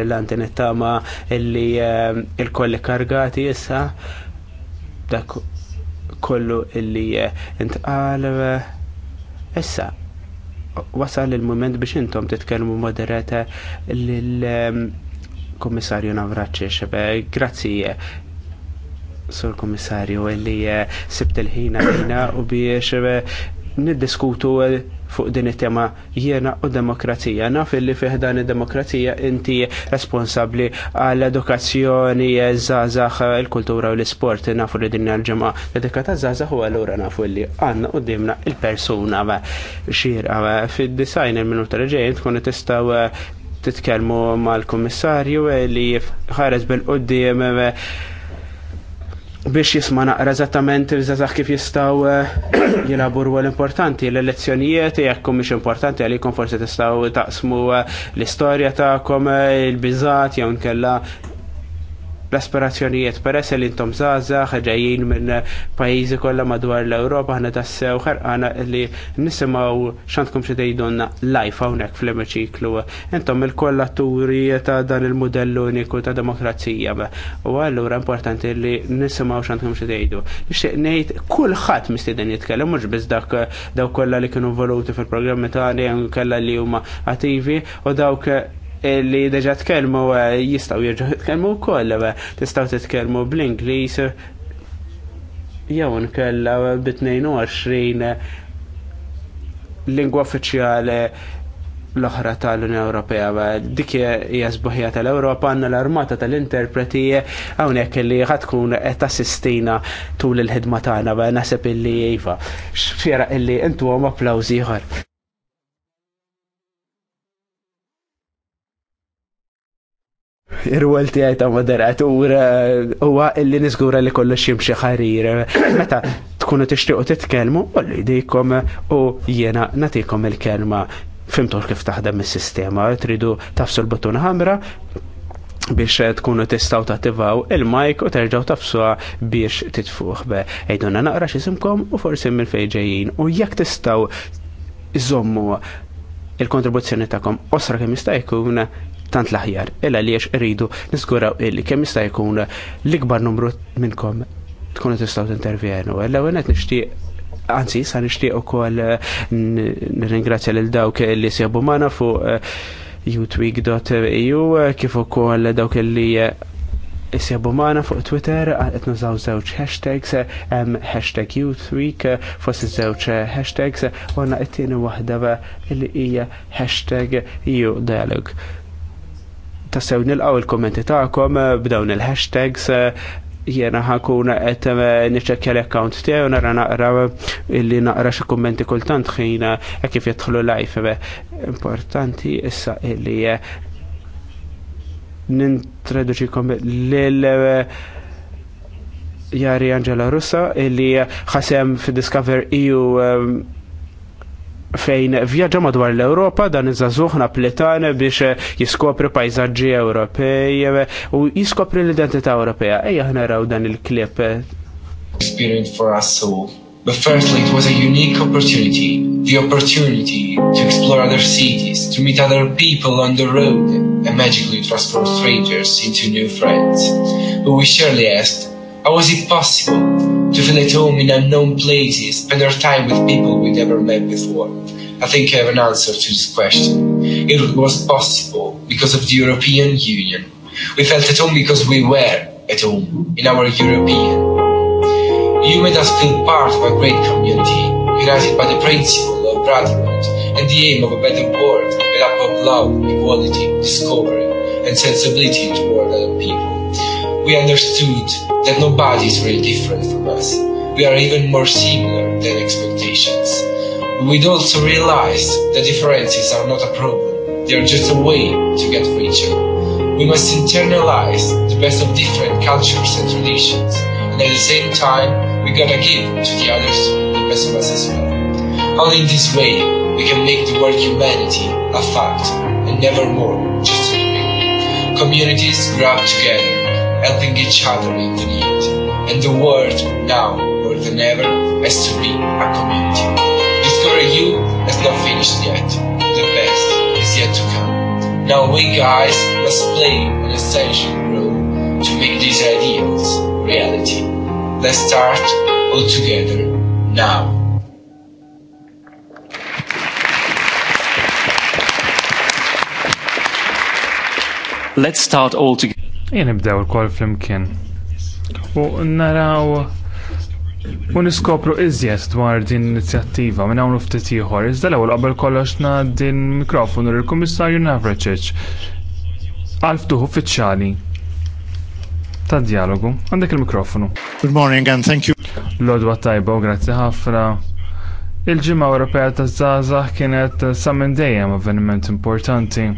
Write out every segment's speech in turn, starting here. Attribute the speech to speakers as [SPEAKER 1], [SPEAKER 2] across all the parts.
[SPEAKER 1] l-anti nittama illi ehm, il-kolli kargati issa dak kollu illi eh, intqal eh, issa wasal il-moment biex intom titkellmu moderata eh, l-Kommissarju ehm, Navraċi xebe, grazzi sur Kommissarju illi sibt il-ħina u biex niddiskutu fuq din it-tema jiena u demokrazija. Naf illi fih dan id-demokrazija inti responsabbli għall edukazzjoni żgħażagħ il-kultura u l-isport nafu li din l-ġimgħa dedikata żgħażagħ u allura nafu li għandna qudiemna il-persuna xierqa fid-design il-minuta li ġejjin tkun tistgħu titkellmu mal-kummissarju li ħares bil-qudiem biex jisma naqra eżattament il-żazax kif jistaw eh, jilaburu l importanti. L-elezzjonijiet jekkum miex importanti għalikom forsi tistgħu taqsmu eh, l-istorja tagħkom eh, il-biżat jew nkella l-aspirazzjonijiet peress li intom żgħażagħ ġejjin minn pajjiżi kollha madwar l-Ewropa ħna tassew ħarqana li nisimgħu x'għandkom xi tgħidulna live hawnhekk fl-emiċiklu. Intom il-koll atturi ta' dan il-modell uniku ta' demokrazija. U allura importanti li nisimgħu x'għandkom xi tgħidu. Nixtieq ngħid kulħadd mistieden jitkellem mhux biss dak daw kollha li kienu voluti fil-programmi tagħni kellha li huma attivi u dawk li deġa tkellmu eh, jistaw jirġu tkellmu wkoll eh, tistgħu titkellmu bl-Ingliż jew nkella b'22 eh, lingwa uffiċjali l-oħra tal-Unjoni Ewropea. Dik hija sbuħija tal-Ewropa għandna l-armata tal-interpreti hawnhekk li tkun qed assistina tul il-ħidma tagħna naħseb illi iva. Xfiera illi intu applawżi ieħor. ir-rwel tiegħi ta' moderatur eh, huwa illi niżgura li kollox jimxi ħarir. Eh, meta tkunu tixtiequ titkellmu, ollu jdejkom eh, u jiena natikom il-kelma fimtur kif taħdem is-sistema, tridu tafsu l-buttun ħamra biex tkunu tistaw tattivaw il-mike u terġaw tafsuha biex titfuħ be. Ejdunna naqra xisimkom u forsi minn fejġejjin u jekk tistaw iżommu il-kontribuzzjoni ta'kom osra kemm jista' jkun tant l-aħjar, illa li jiex rridu niskuraw illi kemm jista' jkun l-ikbar numru minnkom tkunu tistgħu tintervjenu. Illa għenet nixtieq anzi, sa nixtieq ukoll nirringrazzja lil dawk li sebu mana fuq eh, youtweek.eu eh, kif ukoll dawk li eh, Isjabu maħna fuq Twitter, għet nużaw zewċ hashtags, hashtag Youth Week, fost zewċ hashtags, għanna it-tieni wahda illi hija hashtag You Dialogue tassew nilqaw il-kommenti ta'kom eh, b'dawn il-hashtags eh, jena ħakun għet eh, niċekja l-account tiegħu nara naqra illi naqra xa kommenti kultant ħina kif jidħlu lajf importanti issa illi nintroduċikom lil Jari Angela Russa illi ħasem fi Discover EU fejn vjaġġa madwar l europa dan iżazuħ naplitan biex jiskopri pajzaġġi Ewropej u jiskopri l-identità Ewropea. Ejja naraw dan il-klip.
[SPEAKER 2] Experience for us so But firstly, it was a unique opportunity. The opportunity to explore other cities, to meet other people on the road, and magically transform strangers into new friends. But we surely asked, I was possible to feel at home in unknown places, spend our time with people we never met before. I think I have an answer to this question. It was possible because of the European Union. We felt at home because we were at home in our European. You made us feel part of a great community, united by the principle of brotherhood and the aim of a better world made up of love, equality, discovery, and sensibility toward other people we understood that nobody is really different from us. We are even more similar than expectations. We'd also realize that differences are not a problem, they are just a way to get richer. We must internalize the best of different cultures and traditions, and at the same time, we gotta give to the others the best of us as well. Only in this way, we can make the word humanity a fact, and never more just a dream. Communities grow up together helping each other in the need. And the world, now more than ever, has to be a community. story You has not finished yet. The best is yet to come. Now we guys must play an essential role to make these ideals reality. Let's start all together now.
[SPEAKER 3] Let's start all together. Jien nibdew il-kol flimkien. U naraw u niskopru iżjed dwar din l-inizjattiva minn hawn ftit ieħor. Iżda l-ewwel qabel kollox din mikrofonu lill-Kummissarju Navracic għal ftuħ uffiċjali ta' dialogu. Għandek il-mikrofonu. Good morning and thank you. Lodwa tajba u grazzi ħafna. Il-ġimgħa Ewropea taż-żgħażagħ kienet sa minn dejjem avveniment importanti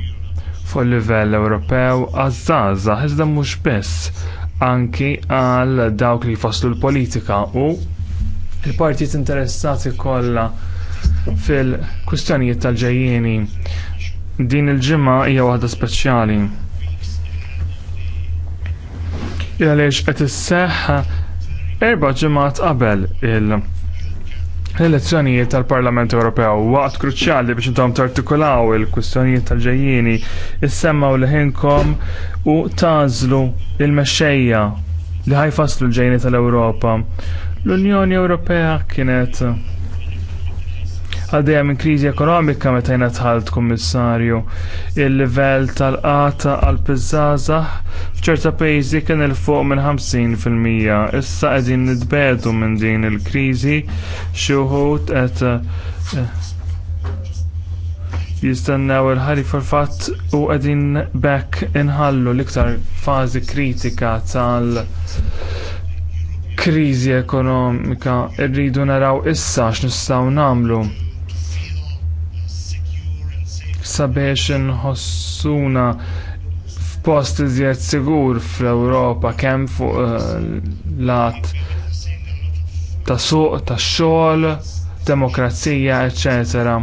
[SPEAKER 3] fuq livell Ewropew għaż-żgħażagħ iżda mhux biss anki għal dawk li jfasslu l-politika u l partijiet interessati kollha fil-kwistjonijiet tal-ġejjieni. Din il-ġimgħa hija waħda speċjali. Għaliex qed isseħħ erba' ġimgħat qabel il- L-elezzjonijiet tal-Parlament Ewropew waqt kruċjali biex intom tartikulaw il-kwistjonijiet tal-ġejjieni issemmaw ħinkom u tażlu il-mexxejja li ħajfaslu l-ġejjieni tal-Ewropa. L-Unjoni Ewropea kienet għaddeja minn kriżi ekonomika meta jena tħalt kummissarju. Il-livell tal-qata għal pizzaza f'ċerta pajjiżi kien il fuq minn 50%. fil-mija. Issa qegħdin nitbedu minn din il-kriżi xi wħud qed eh, jistennew il-ħari fil-fatt u qegħdin bekk inħallu l-iktar fażi kritika tal- kriżi ekonomika rridu naraw issa x'nistgħu nagħmlu sabiex nħossuna f'post iżjed sigur fl-Ewropa kemm fuq eh, lat ta' suq, ta' xogħol, demokrazija, eċetera.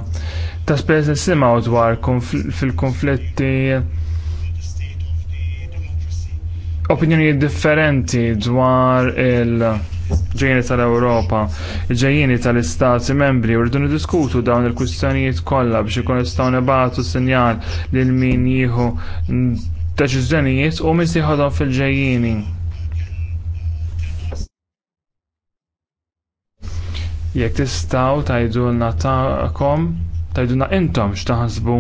[SPEAKER 3] Ta' spess nisimgħu dwar fil-konflitti opinjonijiet differenti dwar il- ġejjeni tal-Ewropa, ġejjeni tal-Istati membri, u rridu diskutu dawn il-kwistjonijiet kollha biex ikun nistgħu nibatu sinjal lil min jieħu deċiżjonijiet u min sieħodhom fil-ġejjieni. Jekk tistgħu tgħidulna tagħkom, tgħidulna intom x'taħsbu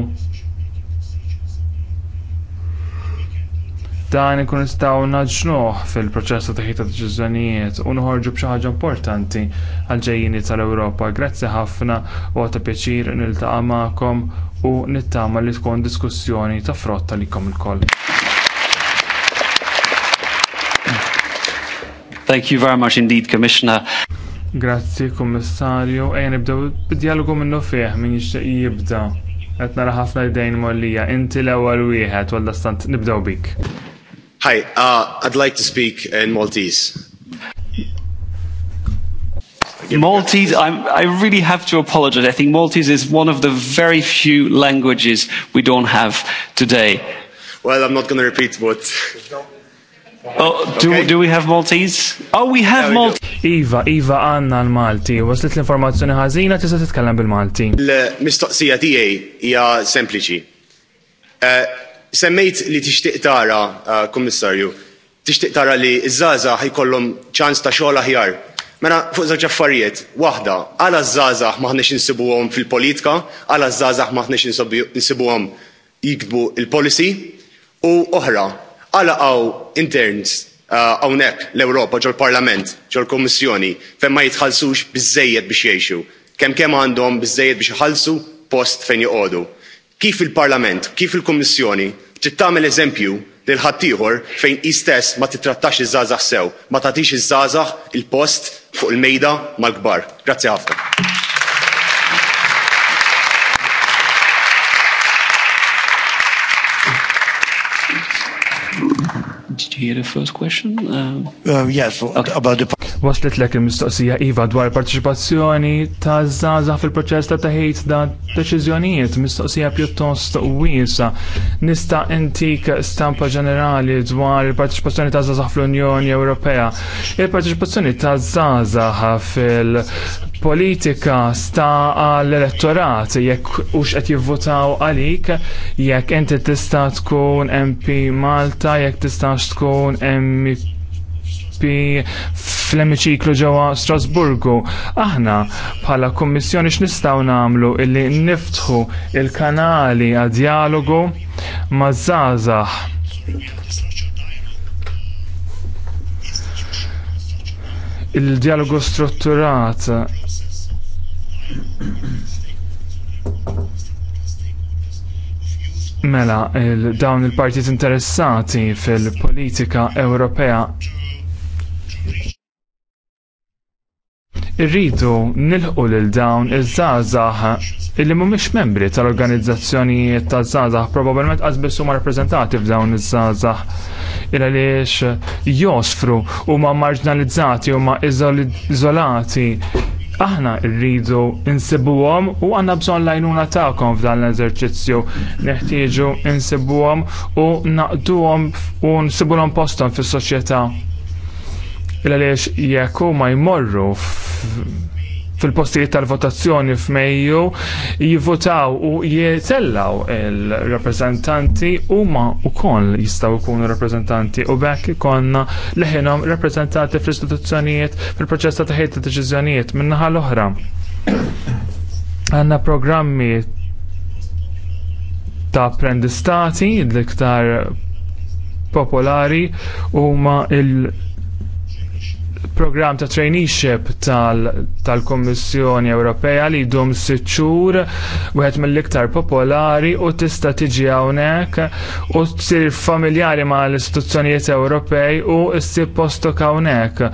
[SPEAKER 3] dan ikun nistgħu naġġnuh fil-proċess ta' taħita deċiżjonijiet u noħorġu b'xi ħaġa importanti għal ġejjini tal-Ewropa. Grazzi ħafna u ta' pjaċir niltaqa' magħkom u nittama li tkun diskussjoni ta' frotta likom il-koll. Thank you very much indeed, Commissioner. Grazzi, Kommissarju. Ejja nibdew bid-dialogu minnu fih min jixtieq jibda. Qed nara ħafna idejn mollija. Inti l-ewwel wieħed, walla stant nibdew bik.
[SPEAKER 2] Hi, uh, I'd like to speak in Maltese. Maltese, I'm, I really have to apologize. I think Maltese is one of
[SPEAKER 1] the
[SPEAKER 3] very few languages we don't have today.
[SPEAKER 1] Well, I'm not going to
[SPEAKER 3] repeat what. Oh, do, okay. do we have Maltese? Oh, we have yeah, Maltese. Iva, Iva għanna l-Malti, waslet l-informazzjoni ħażina tista' titkellem bil-Malti.
[SPEAKER 1] L-mistoqsija
[SPEAKER 4] tiegħi hija sempliċi. Uh, Semmejt li tixtieq tara, uh, Kummissarju, tixtieq tara li iż-żaza ħajkollhom ċans ta' xogħol aħjar. Mela fuq żewġ affarijiet, waħda, għala żgħażagħ maħniex insibuhom fil-politika, għala żgħażagħ maħniex insibuhom jikbu il-policy, u oħra, għala għaw interns għawnek uh, l-Europa ġol parlament ġol kommissjoni fejn ma jitħallsux biżżejjed biex jgħixu. Kemm kemm għandhom biżżejjed biex jħallsu post fejn joqogħdu kif il-Parlament, kif il-Kummissjoni trid tagħmel eżempju lil ħaddieħor fejn istess ma titrattax iż-żgħażagħ sew, ma tagħtix iż-żgħażagħ il-post fuq il-mejda mal-kbar. Grazzi ħafna.
[SPEAKER 3] hear the first question? Uh, uh, yes, about the... Waslet l mistoqsija Iva dwar partecipazzjoni ta' zaza fil-proċess ta' taħejt da' deċizjonijiet, mistoqsija pjuttost wiesa. Nista' intik stampa ġenerali dwar il parteċipazzjoni ta' zaza fl-Unjoni Ewropea. Il-partecipazzjoni ta' zaza fil politika sta għall-elettorat jekk u qed jivvotaw għalik jekk inti tista' tkun MP Malta jekk tistax tkun MP fl-emiċiklu ġewwa Strasburgu. Aħna bħala Kummissjoni x'nistgħu nagħmlu illi niftħu il-kanali għad dialogu maż-żgħażagħ. Il-dialogu strutturat Mela, il dawn il-partit interessati fil-politika Ewropea irridu nilħu lil dawn iż-żgħażagħ illi mhumiex membri tal-organizzazzjonijiet taż-żgħażagħ probabbilment qas biss huma rappreżentati f'dawn iż-żgħażagħ il għaliex josfru huma marginalizzati huma iżolati aħna rridu insibuhom u għandna bżonn l-għajnuna tagħkom f'dan l-eżerċizzju. Neħtieġu insibuhom u naqduhom u nsibuhom posthom fis-soċjetà. Il għaliex jekk huma jmorru fil-postijiet tal-votazzjoni f'Mejju jivvotaw u jitellaw il-rappresentanti u ma u koll jistaw ikunu rappresentanti u bekk konna leħinom rappresentanti fl-istituzzjonijiet fil-proċess ta' taħejt ta' deċiżjonijiet minnaħa l-oħra. Għanna programmi ta' prendistati l-iktar popolari huma il program ta' traineeship tal-Kommissjoni tal Ewropea li jdum siċċur wieħed mill-iktar popolari u tista' tiġi hawnhekk u tsir familjari ma' l-istituzzjonijiet Ewropej u ssib postok hawnhekk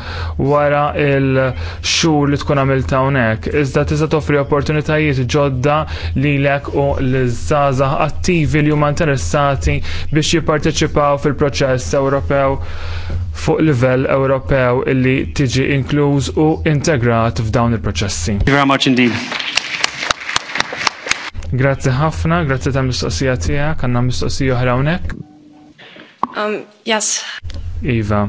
[SPEAKER 3] wara il-xhur li tkun għamilt hawnhekk. Iżda tista' toffri opportunitajiet ġodda lilek u l-żgħażagħ attivi li huma interessati biex jipparteċipaw fil-proċess Ewropew fuq livell Ewropew illi tiġi inkluż u integrat f'dawn il-proċessi. Very much indeed. Grazzi ħafna, grazzi ta' mistoqsija tiegħek, għandna mistoqsija oħra hawnhekk.
[SPEAKER 2] Um, yes.
[SPEAKER 3] Iva.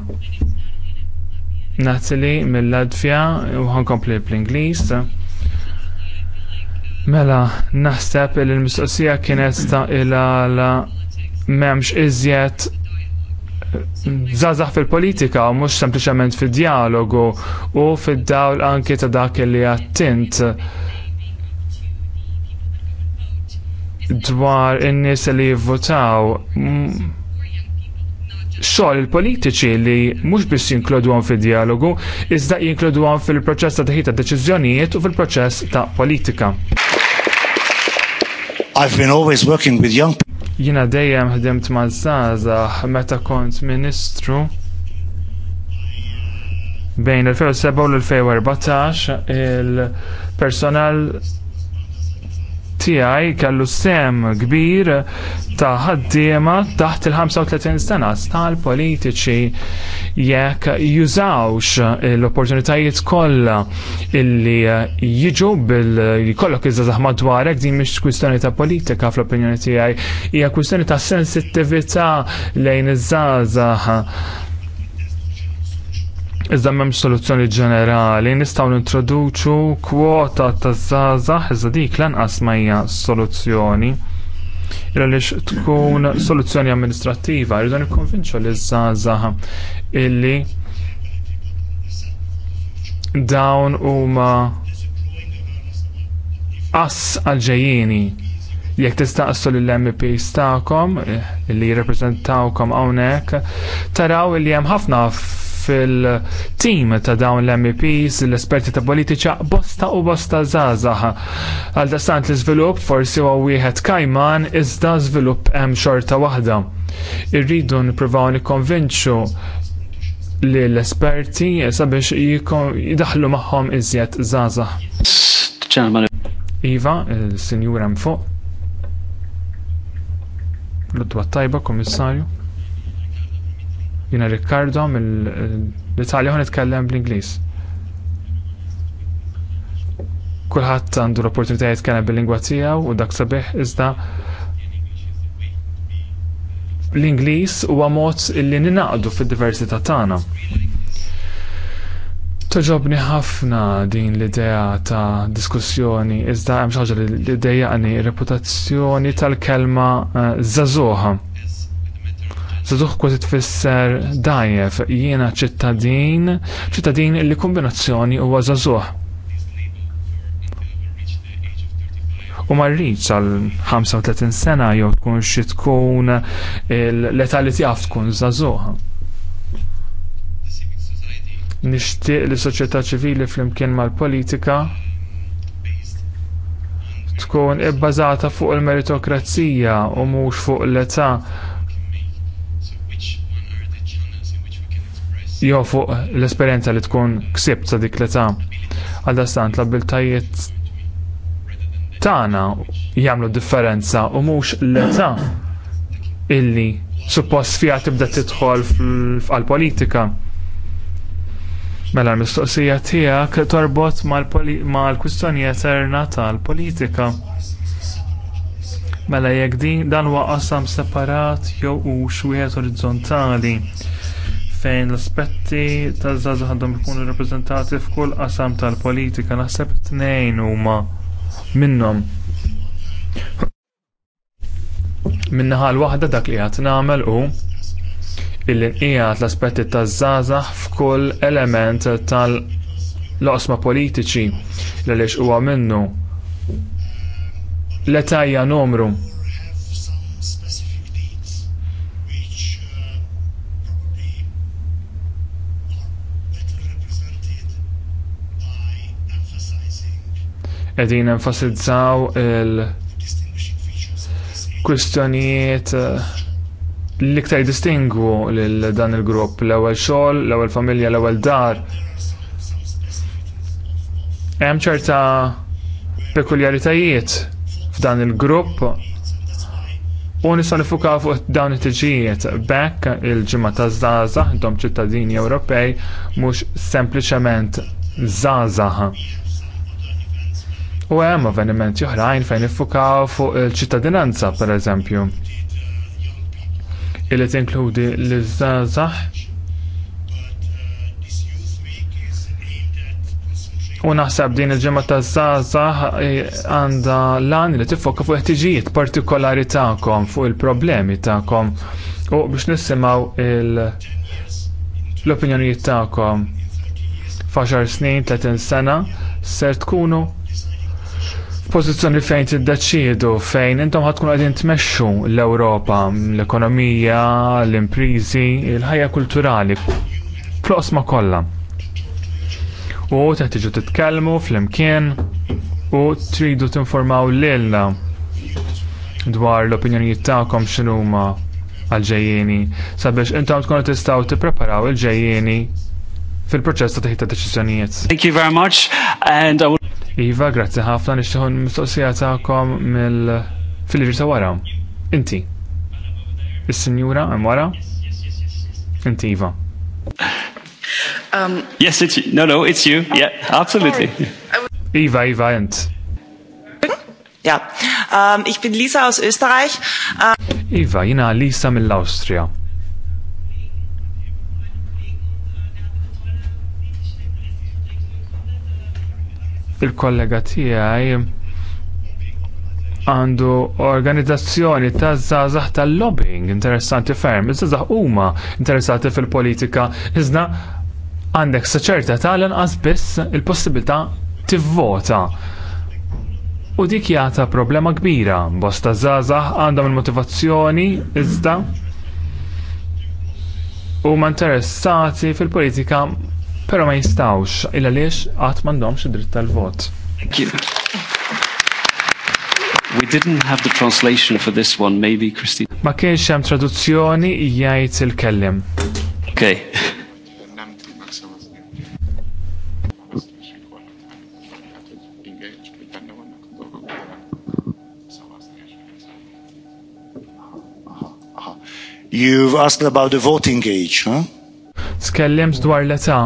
[SPEAKER 3] Natalie mill-Latvja u ħankompli bl-Ingliż. Mela, naħseb li l-mistoqsija kienet ta' ila la memx iżjed zazax fil-politika u mhux sempliċement fid-dialogu u fid-dawl anki ta' dak li għattint dwar in-nies li jivvotaw xogħol il-politiċi li mhux biss jinkludu fid-dialogu, iżda jinkludu fil-proċess ta' taħita deċiżjonijiet u fil-proċess ta' politika.
[SPEAKER 4] I've been always working with young people.
[SPEAKER 3] Jiena dejjem ħdimt mal saza meta kont Ministru bejn il-2007 u l-2014 il-personal tiegħi kellu sem kbir ta' ħaddiema taħt il-35 sena tal-politiċi jekk jużawx l-opportunitajiet kollha illi jiġu bil jkollok iżda madwarek din mhix kwistjoni ta' politika fl-opinjoni tiegħi hija kwistjoni ta' sensittività lejn iż-żgħażagħ Iżda m'hemmx soluzzjoni ġenerali nistgħu nintroduċu kwota ta' zazax, iżda dik lanqas ma soluzzjoni. soluzzjoni. li tkun soluzzjoni amministrattiva, rridu nikkonvinċu li zazax illi dawn huma qass għal-ġejjieni. Jekk tistaqsu lill mp stakom eh, li jirrepreżentawkom hawnhekk, taraw li hemm ħafna fil team ta' dawn l-MEPs, l-esperti ta' politiċa bosta u bosta zazah. Għal dastant l-izvilup forsi huwa wieħed kajman iżda żvilupp hemm xorta waħda. Irridu nippruvaw nikkonvinċu li l-esperti sabiex jidaħlu magħhom iżjed zazah. Iva, il-Sinjura mfuq. L-dwa tajba, komissarju. Jina Riccardo mill-Italja eh, għan itkellem bl-Inglis. Kulħadd għandu l-opportunità jitkellem bil-lingwa tiegħu u dak sabiħ iżda l-Ingliż huwa mod illi ninaqdu fid-diversità tagħna. Toġobni ħafna din l-idea ta' diskussjoni, iżda hemm xi ħaġa li reputazzjoni tal-kelma eh, zazoha. Saduħ kważi tfisser dajjef jiena ċittadin, ċittadin li kombinazzjoni huwa għazazuħ. U marriċ għal 35 sena jew tkun xi tkun l-età li tkun zazuħ. Nixtieq li soċjetà ċivili flimkien mal-politika tkun ibbażata fuq il-meritokrazija u mhux fuq l-età jew fuq l-esperjenza li tkun ksibt sa dik l-età. Għaldastant l-abiltajiet tagħna jagħmlu differenza u mhux l-età illi suppost fiha tibda tidħol f'qal politika. Mela l-mistoqsija tiegħek torbot mal-kwistjoni eterna tal-politika. Mela jekk din dan huwa qasam separat jew hux wieħed orizzontali fejn l-aspetti taż żaza għandhom ikunu rappreżentati f'kull qasam tal-politika naħseb tnejn huma minnhom. Min-naħa waħda dak li qed nagħmel hu illi nqiegħed l-aspetti taż-żgħażagħ f'kull element tal-loqsma politiċi li għaliex huwa minnu l-etajja numru qegħdin enfasizzaw il-kwistjonijiet eh, l-iktar distingu lil dan il-grupp l-ewwel xogħol, l-ewwel familja, l-ewwel dar. Hemm ċerta pekuljaritajiet f'dan il-grupp u nisa nifuka fuq dawn it-tiġijiet b'hekk il-ġimgħa ta' żgħażagħ intom ċittadini Ewropej mhux sempliċement żgħażagħ U hemm avvenimenti oħrajn fejn iffukaw fuq il-ċittadinanza pereżempju. Illi tinkludi l-żgħażagħ U naħseb din il ġimgħa ta' zaza eh, għanda lan li tifokka fuq ħtiġijiet partikolari ta'kom, fuq il-problemi ta'kom u biex nisimgħu l-opinjonijiet ta'kom. Faxar snin, 30 sena, ser tkunu pożizzjoni fejn tiddeċiedu fejn intom ħatkun qegħdin tmexxu l-Ewropa, l-ekonomija, l-imprizi, il-ħajja kulturali, ma kollha. U teħtiġu titkellmu flimkien u tridu tinformaw lilna dwar l-opinjonijiet tagħkom x'inhuma għal-ġejjieni sabiex intom tkunu tistgħu tippreparaw il-ġejjieni fil-proċess ta' teħita deċiżjonijiet. Thank you very much and I Iva, grazzi ħafna nixtiħun mistoqsija tagħkom mill fil-liġi ta' wara. Inti. Is-sinjura hemm wara? Inti Iva. Um, yes, it's you. No, no, it's you. Yeah, absolutely. Iva, Iva, ent.
[SPEAKER 2] Ja, um, ich bin Lisa aus Österreich. Um,
[SPEAKER 3] iva, jina Lisa mill-Austria. il-kollega tiegħi għandu organizzazzjoni ta' zazax tal-lobbying interessanti ferm. Iżda huma interessati fil-politika iżda għandek saċerta tal-inqas biss il-possibilità tivvota. U dik jata problema kbira, bosta zazax għandhom il-motivazzjoni iżda huma interessati fil-politika Però ma jistawx, illa għaliex għat m'għandhomx id-dritt tal-vot. We didn't have the translation for this one, maybe Christine. Ma kienx hemm traduzzjoni jgħid il-kellim. Okay.
[SPEAKER 4] You've asked about the voting age, huh?
[SPEAKER 3] Skellem dwar l-età.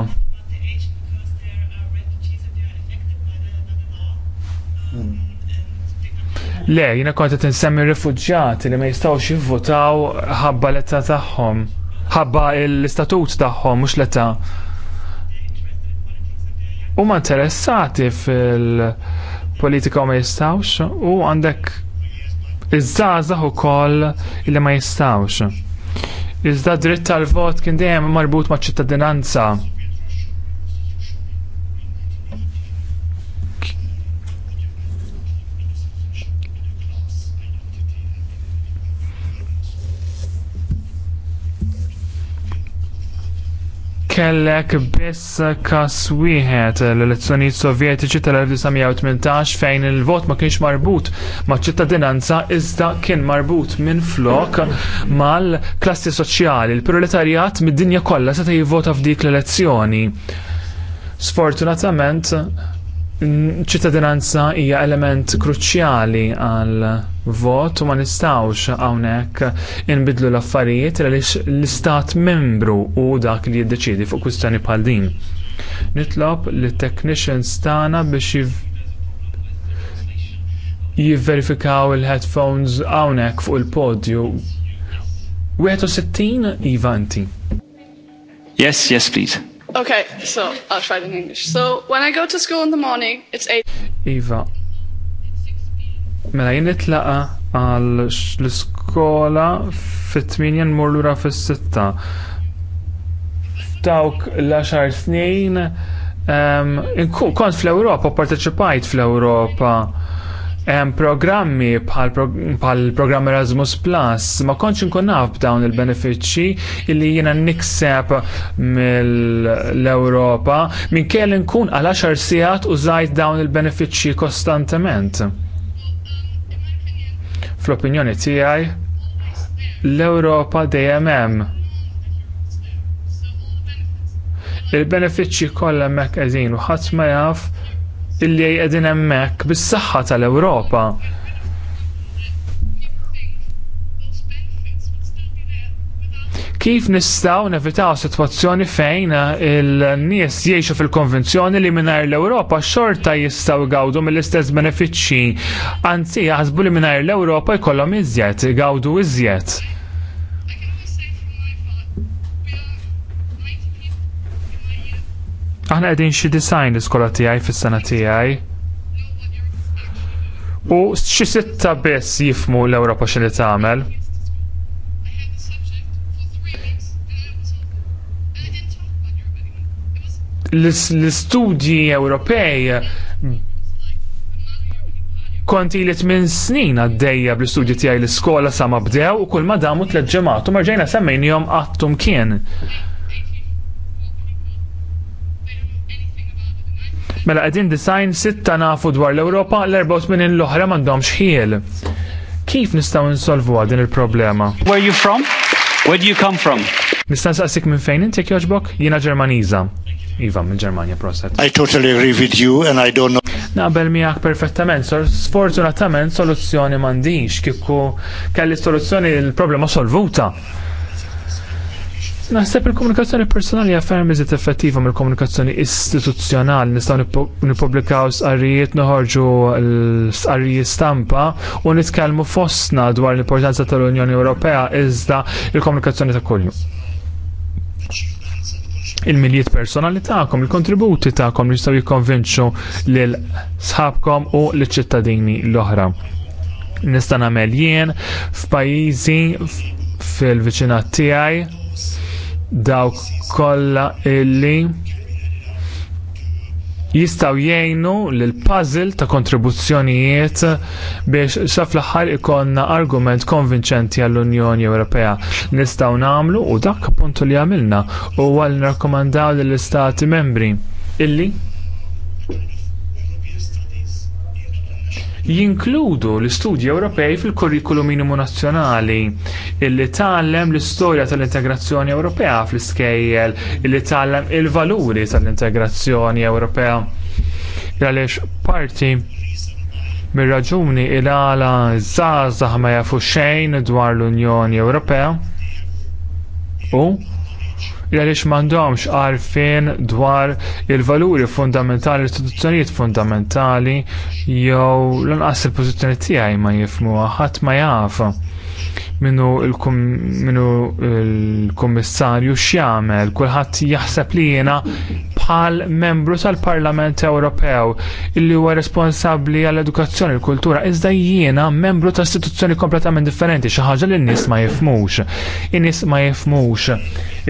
[SPEAKER 3] Le, jina konta insemmi rifugġati li ma jistawx jivvotaw ħabba l-età tagħhom. Ħabba l-istatut tagħhom mhux l-età. Huma interessati fil-politika u ma jistawx u għandek iż-żgħażagħ ukoll li ma jistawx. Iżda dritt tal-vot kien dejjem marbut ma' ċittadinanza kellek biss kas wieħed l-elezzjonijiet sovjetiċi tal-1918 fejn il-vot ma kienx marbut ma' ċittadinanza iżda kien marbut minn flok mal-klassi soċjali. Il-proletarjat mid-dinja kollha seta' jivvota f'dik l-elezzjoni. Sfortunatament, ċittadinanza hija element kruċjali għal vot u ma nistawx hawnhekk inbidlu l-affarijiet għaliex l-istat membru u dak li jiddeċiedi fuq kwistjoni bħal din. Nitlob li technicians tagħna biex jivverifikaw il-headphones hawnhekk fuq il-podju. 61 Ivanti. Yes, yes, please.
[SPEAKER 2] Okay, so I'll try it in English. So when I go to school in the morning, it's 8.
[SPEAKER 3] Iva, Mela jien nitlaqa għal l-iskola fit-8 nmur lura fis-6. F'dawk l-10 snin kont fl-Ewropa, parteċipajt fl-Ewropa hemm programmi bħal programm Erasmus Plus ma kontx inkun naf b'dawn il-benefiċċji illi jiena nikseb mill-Ewropa minn kelli nkun għal 10 sigħat użajt dawn il-benefiċċji kostantement. Fl-opinjoni tiegħi l-Ewropa dejjem hemm. Il-benefiċċji kollha hemmhekk qegħdin u ħadd ma jaf illi qegħdin hemmhekk bis-saħħa tal-Ewropa. Kif nistaw nevitaw situazzjoni fejn il-nies jiexu fil-konvenzjoni li minnajr l-Europa xorta jistaw gawdu mill-istess benefiċċji, anzi jaħsbu li minar l-Europa jkollhom iżjed, gawdu iżjed. Aħna qegħdin xi design l-iskola tiegħi fis-sena tiegħi. U xi sitta biss jifmu l-Ewropa xi li tagħmel. l-istudji Ewropej konti li minn snin għaddejja bl-istudji tiegħi l-iskola sa ma bdew u kull ma damu tliet ġemat u marġejna semmejniehom għattum kien. Mela qegħdin design sitta nafu dwar l-Ewropa l-84 l-oħra m'għandhomx ħiel. Kif nistgħu nsolvuha din il-problema? Where you from? Where do you come from? Nista' nsaqsik minn fejn inti jogħġbok? Jiena Ġermaniża. Iva mill-Ġermanja proset. I totally agree with you and I don't know. Naqbel miegħek perfettament, sfortunatament soluzzjoni m'għandix kieku kelli soluzzjoni l-problema solvuta. Naħseb il-komunikazzjoni personali għaffer mizit effettiva mill-komunikazzjoni istituzzjonali nistgħu nippubblikaw sqarrijiet noħorġu l arrijiet stampa u nitkellmu fostna dwar l-importanza tal-Unjoni Ewropea iżda il-komunikazzjoni ta' kuljum il-miljiet personali ta'kom, il-kontributi ta'kom li jistaw jikonvinċu l-sħabkom u l-ċittadini l-oħra. Nista' nagħmel jien f'pajjiżi fil-viċinat tiegħi dawk kollha illi jistaw jgħinu l-puzzle ta' kontribuzzjonijiet biex xaf l-ħar ikonna argument konvinċenti għall-Unjoni Ewropea. Nistaw namlu u dak appuntu li għamilna u għal narkomandaw l-Istati membri illi jinkludu l-istudji Ewropej fil-kurrikulu minimu nazzjonali, illi tallem l-istorja tal-integrazzjoni Ewropea fl-iskejjel, illi tallem il-valuri tal-integrazzjoni Ewropea. Għaliex parti mir-raġuni il-għala żgħażagħ ma jafu xejn dwar l-Unjoni Ewropea u għaliex m'għandhomx għarfien dwar il-valuri fundamentali, l-istituzzjonijiet fundamentali jew lanqas il-pożizzjoni tiegħi ma jifmuha ħadd ma jaf minnu il-kummissarju x'jagħmel, kulħadd jaħseb li jiena bħal membru tal-Parlament Ewropew illi huwa responsabbli għall edukazzjoni l-kultura iżda jiena membru ta' istituzzjoni kompletament differenti xi ħaġa li n-nies ma jifmux. In-nies ma jifmux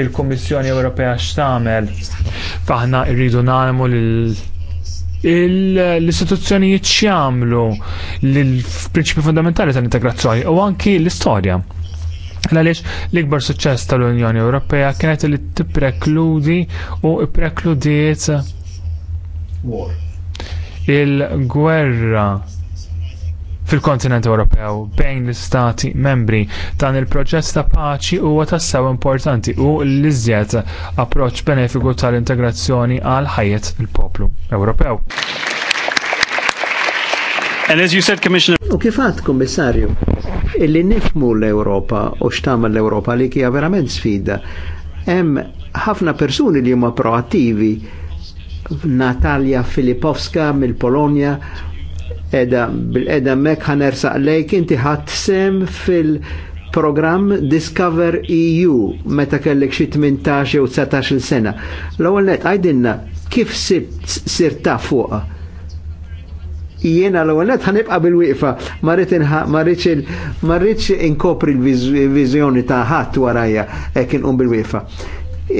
[SPEAKER 3] il-Kummissjoni Ewropea x'tagħmel. Faħna rridu nagħmlu lil l-istituzzjonijiet x'jagħmlu l-prinċipju fundamentali tal-integrazzjoni u anki l-istorja. Għaliex l-ikbar suċċess tal-Unjoni Ewropea kienet li tipprekludi u prekludiet il-gwerra fil-kontinent Ewropew bejn l-istati membri dan il-proċess ta' paċi huwa tassew importanti u l-iżjed approċ benefiku tal-integrazzjoni għal ħajjet il-poplu Ewropew.
[SPEAKER 4] And as you said, Commissioner... U kifat, Kommissarju, illi nifmu l-Europa u x'tama l-Europa li kija verament sfida. Hem ħafna persuni li huma proattivi Natalia Filipovska mill polonia edha bil-edha mek ħanersaq lejk inti ħadd sem fil- program Discover EU meta kellek xi 18 u 19 sena. L-ewwel net għajdinna kif sirt sir ta' fuqha jiena l-għonet ħanibqa bil-wiqfa, marriċ inkopri l-vizjoni ta' ħadd warajja, ekin un bil-wiqfa.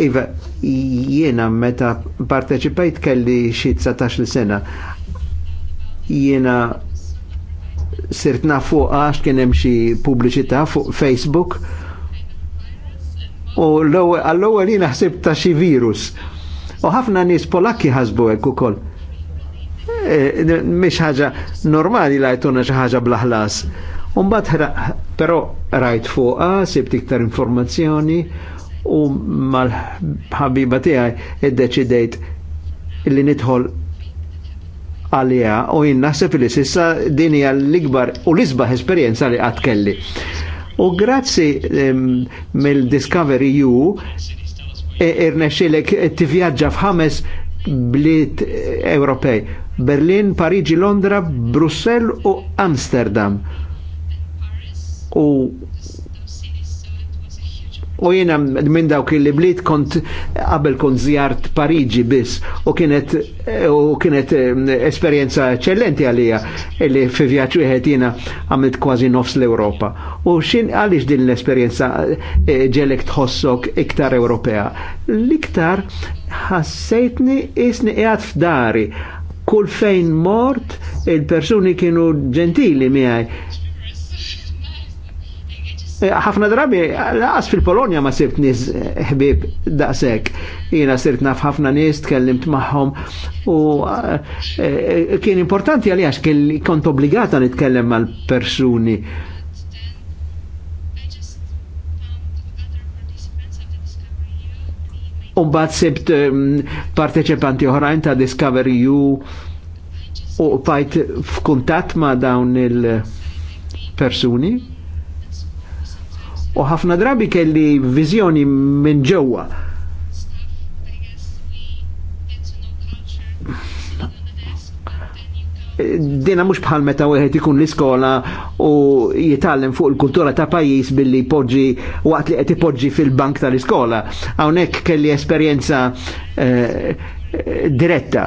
[SPEAKER 4] Iva, jiena meta parteċipajt kelli xi 19 sena, jiena sirtna fuq għax kien hemm xi pubbliċità fuq Facebook u l-ewwel jiena ħsib xi virus. U ħafna nies Polakki ħasbu hekk ukoll Eh, mish ħaġa normali la jtuna ħaġa blaħlas. Umbat però rajt fuqa, sibt iktar informazzjoni u mal-ħabiba tiegħi iddeċidejt li nidħol għalija u naħseb li sissa din hija l-ikbar u l-isbaħ esperjenza li qatt kelli. U grazzi mill-Discovery U irnexxilek e- tivvjaġġa f'ħames bliet Ewropej. Berlin, Parigi, Londra, Brussell u Amsterdam. U U jiena minn dawk li bliet kont qabel kont zjart Pariġi biss u kienet u kienet mm, esperjenza eċċellenti għalija li fi vjaġġ wieħed jiena għamilt kważi nofs l-Ewropa. U xin għaliex din l-esperjenza eh, ġelek tħossok iktar Ewropea? L-iktar ħassejtni isni qiegħed f'dari kull fejn mort il-persuni kienu ġentili miħaj ħafna drabi, laqas fil polonia ma sirt nis ħbib daqsek. Jina sirt naf ħafna nis, tkellimt maħħom u eh, eh, kien importanti għalli għax kont obbligata nitkellem mal persuni Umbat sibt eh, parteċipanti oħrajn ta' Discovery U u bajt f'kuntat ma' dawn il-persuni u ħafna drabi kelli viżjoni minn ġewwa. Dina mhux bħal meta wieħed ikun l-iskola u jitgħallem fuq il-kultura ta' pajjiż billi poġġi waqt li qed ipoġġi fil-bank tal-iskola. Hawnhekk kelli esperjenza eh, diretta.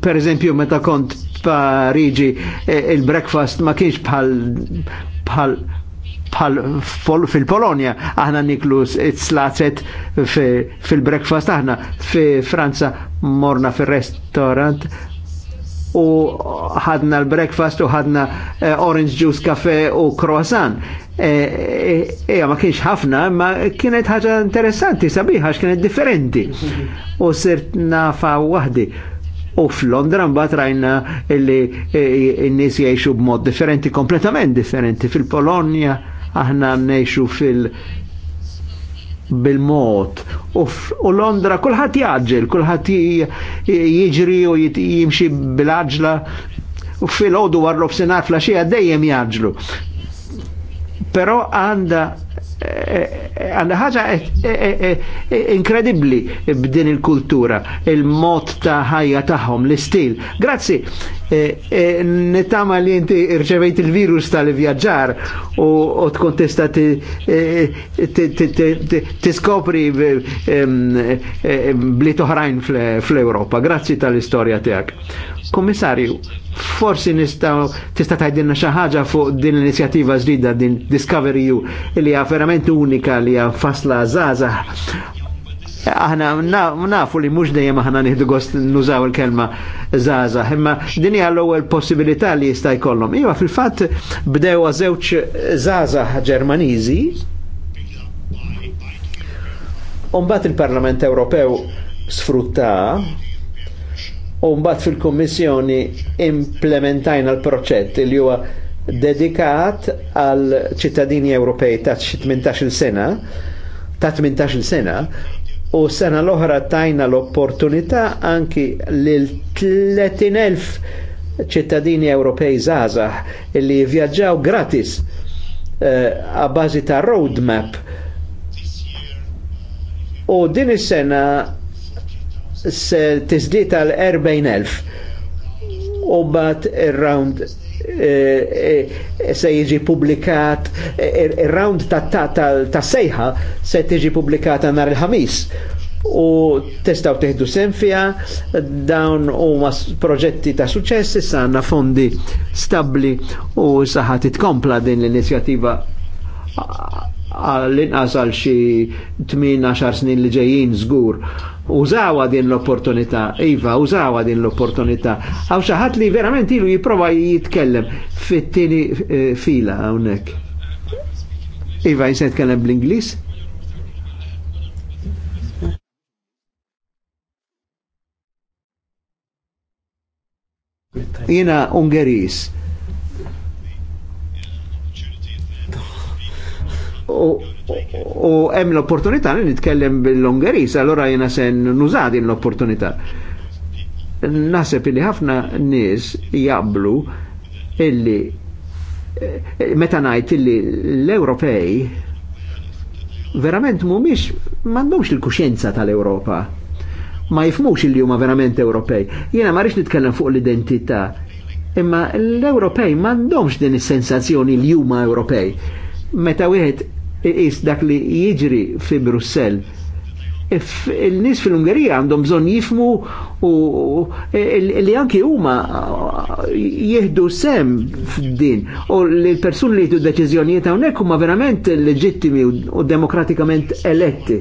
[SPEAKER 4] Per eżempju, meta kont Pariġi eh, il-breakfast ma kienx bħal fil polonia aħna niklu slacet fil-breakfast aħna fi Franza morna fil restaurant u ħadna l-breakfast u ħadna eh, orange juice, kafe u croissant. Eh, eh, eja, ma kienx ħafna, ma kienet ħaġa interessanti, sabiħa, kienet differenti. U sirt nafa wahdi. U f'Londra mbagħad rajna li n-nies jgħixu b'mod differenti, kompletament differenti. Fil-Polonja, aħna nejxu fil- bil-mod u Londra kulħadd jaġġel, kulħadd jiġri u jimxi bil-aġla u fil-ħodu warlob senar flaxija dejjem jaġlu. Pero għanda għanna ħaġa e- e- e- inkredibli b'din il-kultura, il-mod ta' ħajja tagħhom, l-istil. Grazzi, nittama li inti irċevejt il-virus tal-vjaġġar u tkun tista' tiskopri bli toħrajn fl-Europa. Grazzi tal-istorja tiegħek. Kommissarju, forsi nistaw tista' tgħidilna xi ħaġa fuq din l-inizjattiva ġdida din Discovery U li hija verament unika li fasla zaza aħna nafu li mhux dejjem aħna nieħdu gost nużaw il-kelma zaza, imma din hija l-ewwel possibilità li jista' jkollhom. Iva fil-fatt bdew żewġ zaza Ġermaniżi. Umbat il-Parlament Ewropew sfrutta u mbagħad fil-Kummissjoni implementajna l-proċett li huwa dedikat għal ċittadini Ewropej ta' 18 sena, ta' 18 sena, u sena l-oħra tajna l-opportunità anki lil 30.000 ċittadini Ewropej zazax li vjaġġaw gratis għabbażi eh, ta' roadmap. U din is-sena se tiżdiet għal 40.000 u bat ir-round Eh, eh, se jiġi publikat, il-round eh, ta' sejħa se tiġi publikata nar il-ħamis u testaw teħdu sem fija dawn huma proġetti ta' suċessi sanna fondi stabli u saħat tkompla din l-inizjattiva għall-inqas għal xi 8 snin li ġejjin żgur. Użawa din l-opportunità, Iva, użawa din l-opportunità. Għaw xaħat li verament ilu jiprofa jitkellem fit-tini eh, fila hawnhekk. Iva, jinsa jitkellem bl-Inglis? Jena Ungeris u hemm l-opportunità li nitkellem bil-Ungeris, allora jena se nuża l-opportunità. Naseb li ħafna nies jaqblu illi eh, meta ngħid illi l-Ewropej verament mhumiex m'għandhomx il-kuxjenza tal-Ewropa. Ma jifmux il huma verament Ewropej. Jiena ma rridx nitkellem fuq l-identità, imma l-Ewropej m'għandhomx din is-sensazzjoni li huma Ewropej meta wieħed iqis dak li jiġri fi Brussell il-nis fil-Ungerija għandhom bżon jifmu u li anki huma uh, jihdu sem f'din u li l-persuni li jihdu deċizjonijiet hawnhekk huma verament leġittimi u demokratikament eletti.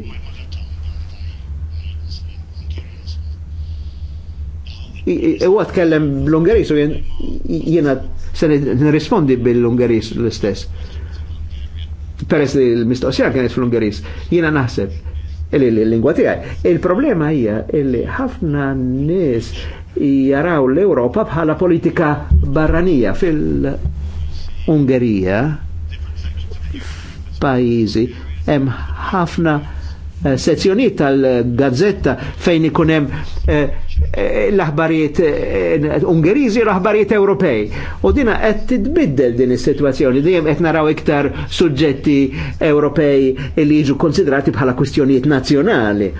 [SPEAKER 4] Ewa tkellem bl-Ungeris u jiena se nirrispondi bil-Ungeris l-istess peress li l-mistoqsija kienet fl-Ungeris, jina naħseb il-lingwa tijaj. Il-problema hija li ħafna nis jaraw l europa bħala politika barranija fil-Ungerija pajizi hemm ħafna Eh, sezzjoniet tal-gazzetta fejn ikunem eh, eh, l-aħbarijiet Ungeriżi u l-aħbarijiet Ewropej. U dina qed tidbiddel din is-sitwazzjoni, dejjem qed naraw iktar suġġetti Ewropej li jiġu konsidrati bħala kwistjonijiet nazzjonali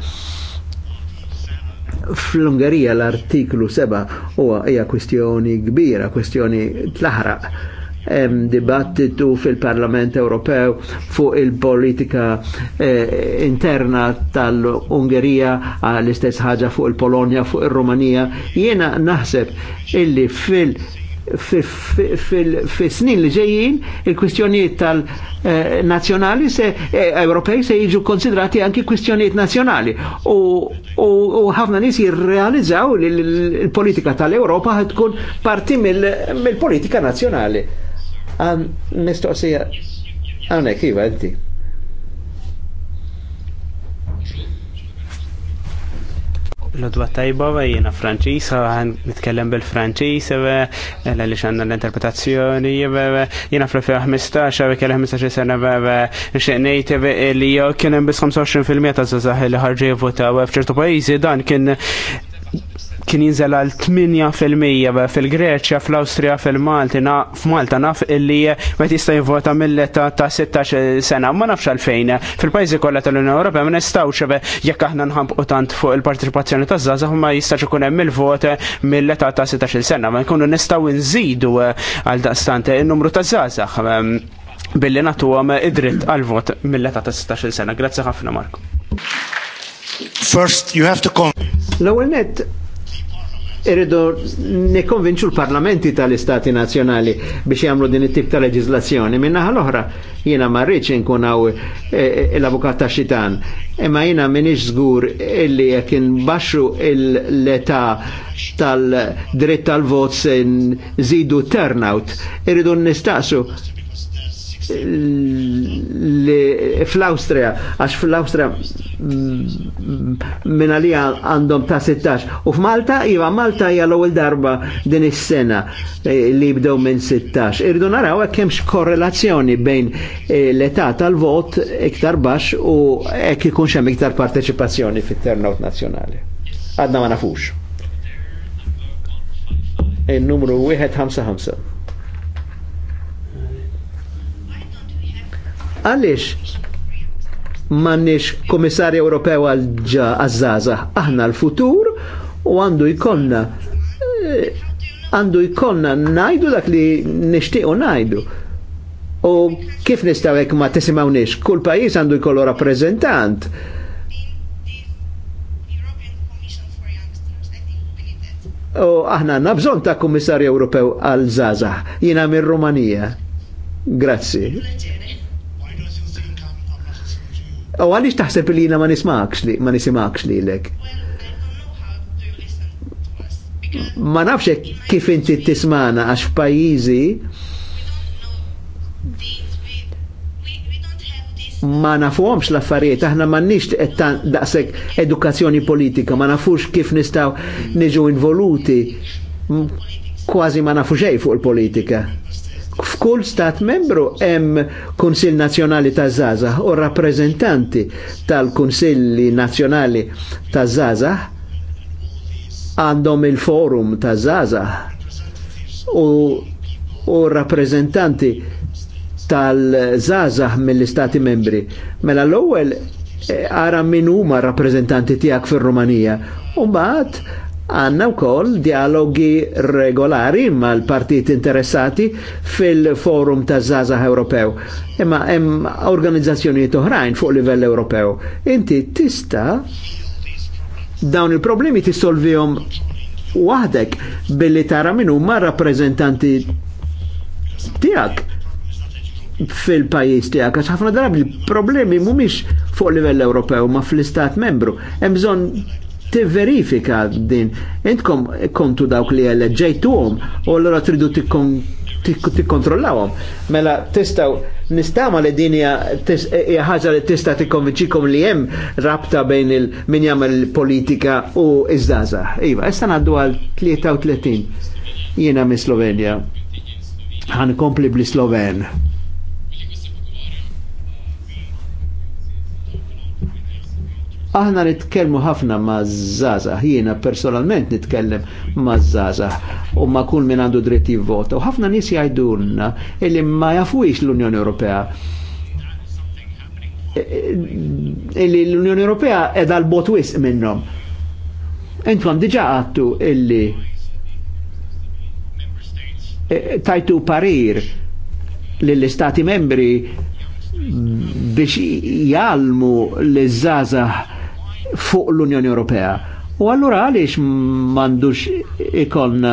[SPEAKER 4] fl-Ungerija l-artiklu 7 huwa hija kwistjoni kbira, kwistjoni tlaħraq dibattitu fil-Parlament Ewropew fuq il-politika eh, interna tal-Ungerija l-istess ħaġa fuq il-Polonja, fuq il-Rumanija. Jiena naħseb illi fil- fil-snin li ġejjin il-kwistjonijiet tal-nazjonali eh, se eh, Ewropej se jiġu konsidrati anki kwistjonijiet nazjonali u ħafna nis jirrealizzaw li l-politika tal-Europa tkun parti mill-politika nazjonali għan mistoqsija għanek, iva, inti.
[SPEAKER 1] l-odwa tajba jena franċis, għan nitkellem bil-franċis, għalla li xanna l-interpretazzjoni, jena fl-2015, għave kellem 15 sena, nxeqnejt li kienem bis 25% ta' zazah li ħarġi votaw fċertu pajizi, dan kien kien jinżel għal 8% fil-Greċja, fl-Awstrija, fil-Malti, f'Malta naf illi ma tista' jivvota mill-età ta' 16 sena. Ma nafx għalfejn. Fil-pajjiżi kollha tal-Unjoni Ewropea ma nistgħux jekk aħna nħampqu tant fuq il-partiċipazzjoni ta' żgħażagħ ma jistax ikun hemm il-vot mill-età ta' 16 sena. Ma nkunu nistgħu nżidu eh, għal daqstant in-numru ta' żgħażagħ eh, billi natu għam id-dritt għal-vot mill leta ta' 16 sena. Grazzi ħafna,
[SPEAKER 4] Marko. First, you have to come. L-ewwel irridu nikkonvinċu l-parlamenti tal-istati nazjonali biex jagħmlu din it-tip ta' leġislazzjoni. Minna l-oħra jiena ma nkunaw e, e, l-avukat ta' xitan. Imma jiena minix żgur illi jekk inbaxxu l-età tal-dritt tal-vot se nżidu turnout. Irridu nistaqsu fl-Austria, għax fl-Austria mm, minna li għandhom ta' 16 u f'Malta, iva Malta hija l-ewwel darba din is-sena eh, li jibdew minn 16. Irridu naraw hekk hemmx korrelazzjoni bejn eh, l-età tal-vot iktar baxx u hekk ikunx hemm iktar parteċipazzjoni fit-turnout nazzjonali. Għadna ma nafux. Il-numru e 155. Għaliex m'għandniex Komissarju Ewropew għal għażaża, aħna l-futur u għandu jkollna
[SPEAKER 3] eh,
[SPEAKER 4] għandu jkollna najdu dak li nixtiequ najdu. U kif nistgħu hekk ma tisimgħuniex, kull pajjiż għandu jkollu rappreżentant. U aħna nabżon ta' Kummissarju Ewropew għal Zaza, jina minn Rumanija. Grazzi. U għaliex taħseb li jiena ma nismakx li ma nisimakx lilek? Ma nafx kif inti tismana għax f'pajjiżi ma nafuhomx l-affarijiet, aħna m'għandniex qed daqsek edukazzjoni politika, ma nafux kif nistgħu niġu involuti, kważi ma nafu xejn fuq il-politika. F'kull stat membru hemm Kunsill Nazzjonali taż-żaża u rappreżentanti tal-Kunsilli Nazzjonali taż-żaża għandhom il-forum taż-żaża u, u rappreżentanti tal-żaża mill-istati membri. Mela l-ewwel eh, ara min huma rappreżentanti tiegħek fir-Rumanija. U mbagħad għanna wkoll dialogi regolari mal-partit interessati fil-forum ta' Zazah Ewropew. Imma hemm organizzazzjonijiet oħrajn fuq livell Ewropew. Inti tista' dawn il-problemi tissolvihom waħdek billi tara minn huma rappreżentanti tiegħek fil-pajis tijak, għax ħafna drabi problemi mumiex fuq livell Ewropew ma fl-istat membru. Hemm bżonn tiverifika din. Intkom kontu dawk li eleġġejtuhom u l-għura tridu tikkontrollawhom. Mela testa'w nistama li din hija li tista' tikkonvinċikom li hemm rabta bejn il min il politika u iż-żgħażagħ. Iva, jessan għaddu għal 33 jiena mis Slovenja. kompli bli sloven Aħna nitkellmu ħafna ma' zaza, jiena personalment nitkellem ma' zaza u ma' kull minn għandu dritt jivvota. U ħafna nis jgħidulna illi ma jafuix l-Unjoni Ewropea. E, e, illi l-Unjoni Ewropea edha l-bot wisq minnhom. Entkom diġa għattu illi e, tajtu parir lill-istati membri biex jgħalmu l-żazah fuq l-Unjoni Ewropea. U allura għaliex mandux ikon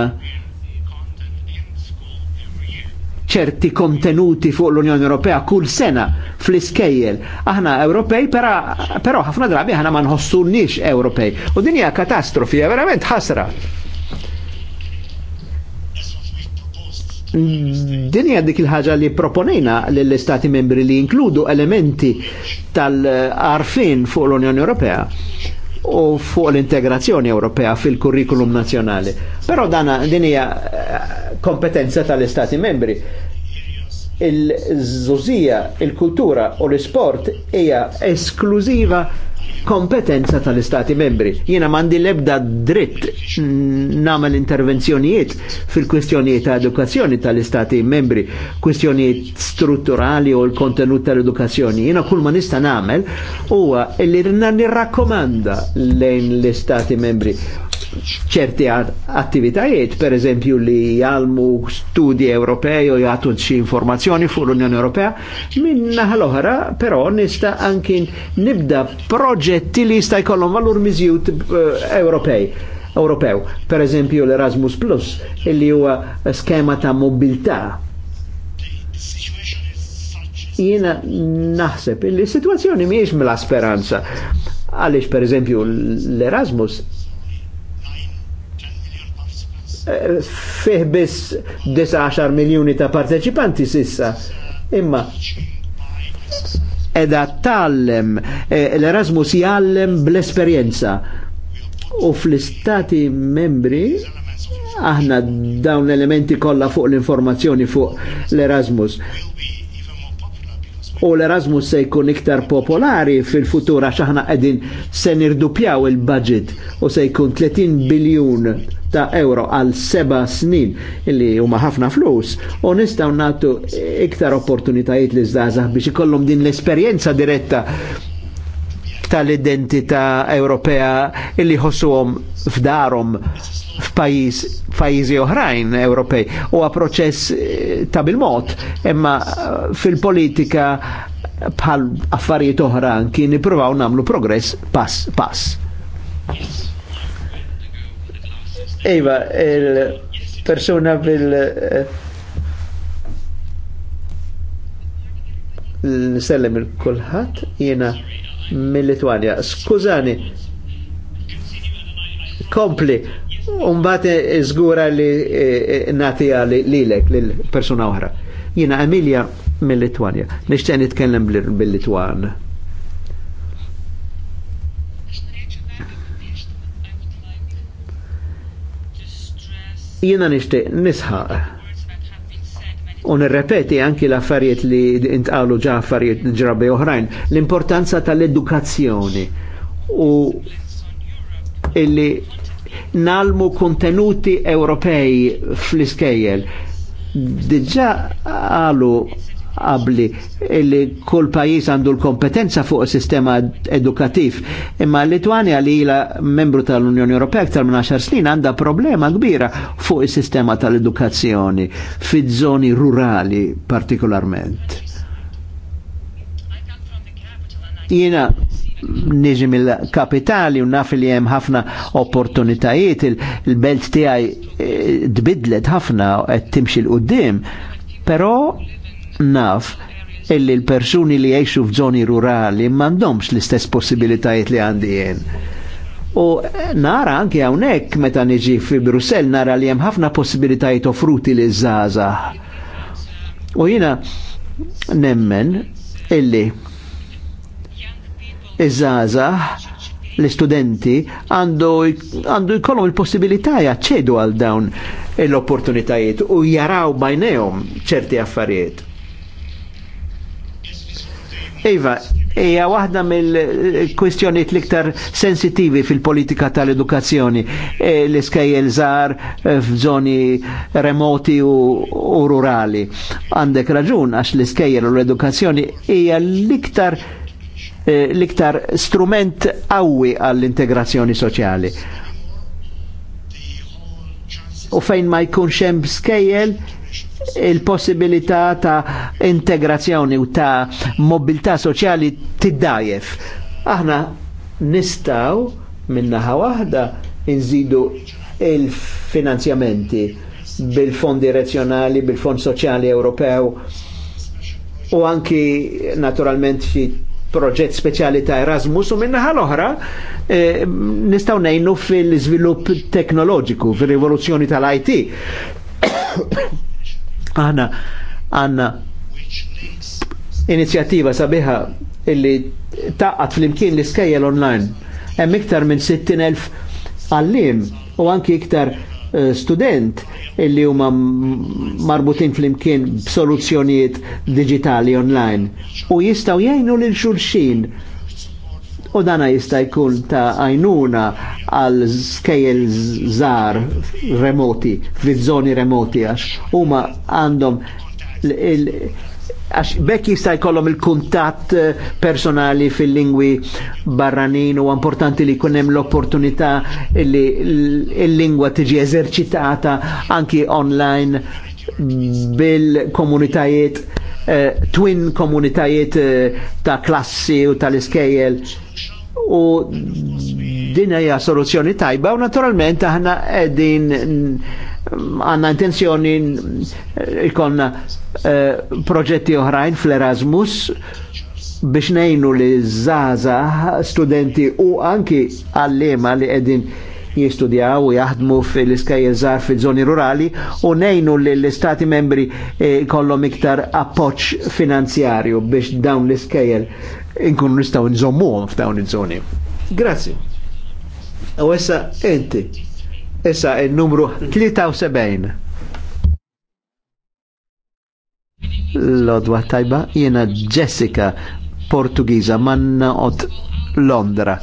[SPEAKER 4] ċerti kontenuti fuq l-Unjoni Ewropea kull sena fl-iskejjel. Aħna Ewropej, però ħafna drabi aħna ma nħossu nix Ewropej. U din hija katastrofi, verament ħasra. Din hija dik il-ħaġa li proponejna lill-Istati membri li inkludu elementi tal-arfin fuq l-Unjoni Ewropea u fuq l-integrazzjoni Ewropea fil-kurrikulum nazjonali. Però dana din hija eh, kompetenza tal-Istati membri il-żużija, il-kultura u l-isport hija esklużiva kompetenza tal-istati membri. Jiena mandi lebda dritt namel intervenzjonijiet fil-kwistjonijiet ta' edukazzjoni tal-istati membri, kwistjonijiet strutturali u l-kontenut tal-edukazzjoni. Jiena kull ma nista namel huwa li nirrakkomanda lejn l-istati membri ċerti attivitajiet, per eżempju li jgħalmu studi Ewropej u jgħatu xi informazzjoni fuq l-Unjoni Ewropea, minn l-oħra però nista' anki nibda proġetti li jista' jkollhom valur miżjud eh, Ewropej. Ewropew, per eżempju l-Erasmus Plus, illi huwa skema ta' mobilità. Jiena naħseb illi situazzjoni miex mela speranza. Għalix, per eżempju l-Erasmus fih biss 19 miljoni ta' parteċipanti sissa. Imma edha tallem, e, l-Erasmus jallem bl-esperienza. U fl-istati membri aħna dawn l-elementi kollha fuq l-informazzjoni fuq l-Erasmus u l-Erasmus se jkun iktar popolari fil-futur għax aħna qegħdin se nirdupjaw il-budget u se jkun 30 biljun ta' euro għal seba snin illi huma ħafna flus u nistgħu nagħtu iktar opportunitajiet li żdażaħ biex ikollhom din l-esperjenza diretta tal-identità Ewropea illi ħossuhom f'darhom f'pajjiż pajjiżi oħrajn Ewropej. Huwa proċess eh, ta' bil-mod, imma eh, fil-politika bħal affarijiet oħra kien nippruvaw nagħmlu progress pass pass. Iva, il-persuna bil- eh, l-sellem il-kulħat jena mill-Litwanja. Skużani, kompli, umbate zgura li e, e, nati għali lilek, l-persuna oħra. Jina Emilia mill-Litwanja, nishtiq nitkellem bil-Litwan. Jina nishtiq nisħaq u nirrepeti anki l-affarijiet li intqalu ġa affarijiet ġrabi oħrajn, l-importanza tal-edukazzjoni u illi nalmu kontenuti Ewropej fl-iskejjel. Diġa għalu qabli illi kull pajis għandu l-kompetenza fuq sistema edukativ. Imma l litwania li ila membru tal-Unjoni Ewropea aktar minn 10 snin għandha problema kbira fuq is-sistema tal-edukazzjoni fiż-żoni rurali partikolarment. Jiena niġi mill-kapitali u naf li hemm ħafna opportunitajiet, il-belt tiegħi eh, tbidlet ħafna qed timxi l-qudiem, però naf illi l-persuni li jiexu f'żoni rurali mandomx l-istess possibilitajiet li għandi jien. U nara anke hawnhekk meta niġi fi Brussell nara li hemm ħafna possibilitajiet offruti li żaża. U jiena nemmen illi iż-żaża l-istudenti għandu jkollhom il-possibilità jaċċedu għal dawn l-opportunitajiet u jaraw bajnejhom ċerti affarijiet Iva, hija waħda mill-kwistjoniet liktar sensitivi fil-politika tal-edukazzjoni. E L-iskajjel żgħar e, f'żoni remoti u, u rurali. Għandek raġun għax l-iskajjel u l-edukazzjoni hija l-iktar e, l-iktar strument għawi għall-integrazzjoni soċjali. U fejn ma jkunx hemm skejjel, il-possibilità ta' integrazzjoni u ta' mobilità soċjali tiddajef. Aħna nistaw minnaħa waħda nżidu il-finanzjamenti bil-fondi rezzjonali, bil-fond soċjali Ewropew u anki naturalment xi proġett speċjali ta' Erasmus u minnaħa l-oħra nistgħu eh, nistaw nejnu fil-izvilupp teknoloġiku, fil-rivoluzzjoni tal-IT għana għanna inizjattiva sabiħa illi taqqat fl-imkien l skajjel online. Hemm iktar minn 60.000 għallim u anki iktar eh, student illi huma marbutin fl-imkien b'soluzzjonijiet digitali online u jistgħu jgħinu lil xulxin u dana jista' jkun ta' għajnuna għal skejjel zar remoti, fiż-żoni remoti għax huma għandhom għax bekk jista' jkollhom il-kuntatt eh, personali fil-lingwi barranin u importanti li jkun hemm l-opportunità li l-lingwa tiġi eżerċitata anki online bil-komunitajiet Eh, twin komunitajiet eh, ta' klassi u tal-iskejjel u din hija soluzzjoni tajba u naturalment aħna qegħdin mm, għandna intenzjoni eh, ikonna proġetti oħrajn fl-Erasmus biex nejnu li zaza studenti u anki għallima li qegħdin jistudjaw u jaħdmu fil iskajjeżar fil-żoni rurali u nejnu li l-istati membri eh, kollom iktar appoċ finanzjarju biex dawn l-iskajjel inkunu nistgħu nżommuhom f'dawn iż-żoni. Grazzi. U essa enti, essa il-numru 73. Lodwa tajba, jena Jessica Portugiza, manna od Londra.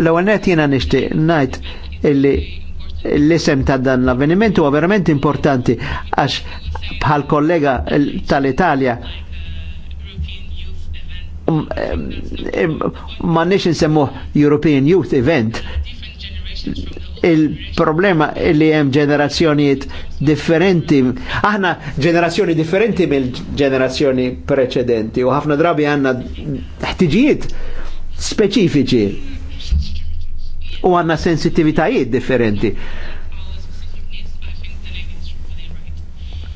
[SPEAKER 4] L-għanet jena nishti najt illi l-isem ta' dan l-avveniment huwa verament importanti għax bħal kollega tal-Italja um, um, ma nix nsemmuh European Youth Event il-problema li hemm ġenerazzjonijiet differenti. Aħna ġenerazzjoni differenti mill-ġenerazzjoni preċedenti u ħafna drabi għandna ħtiġijiet speċifiċi u għanna sensitivitajiet differenti.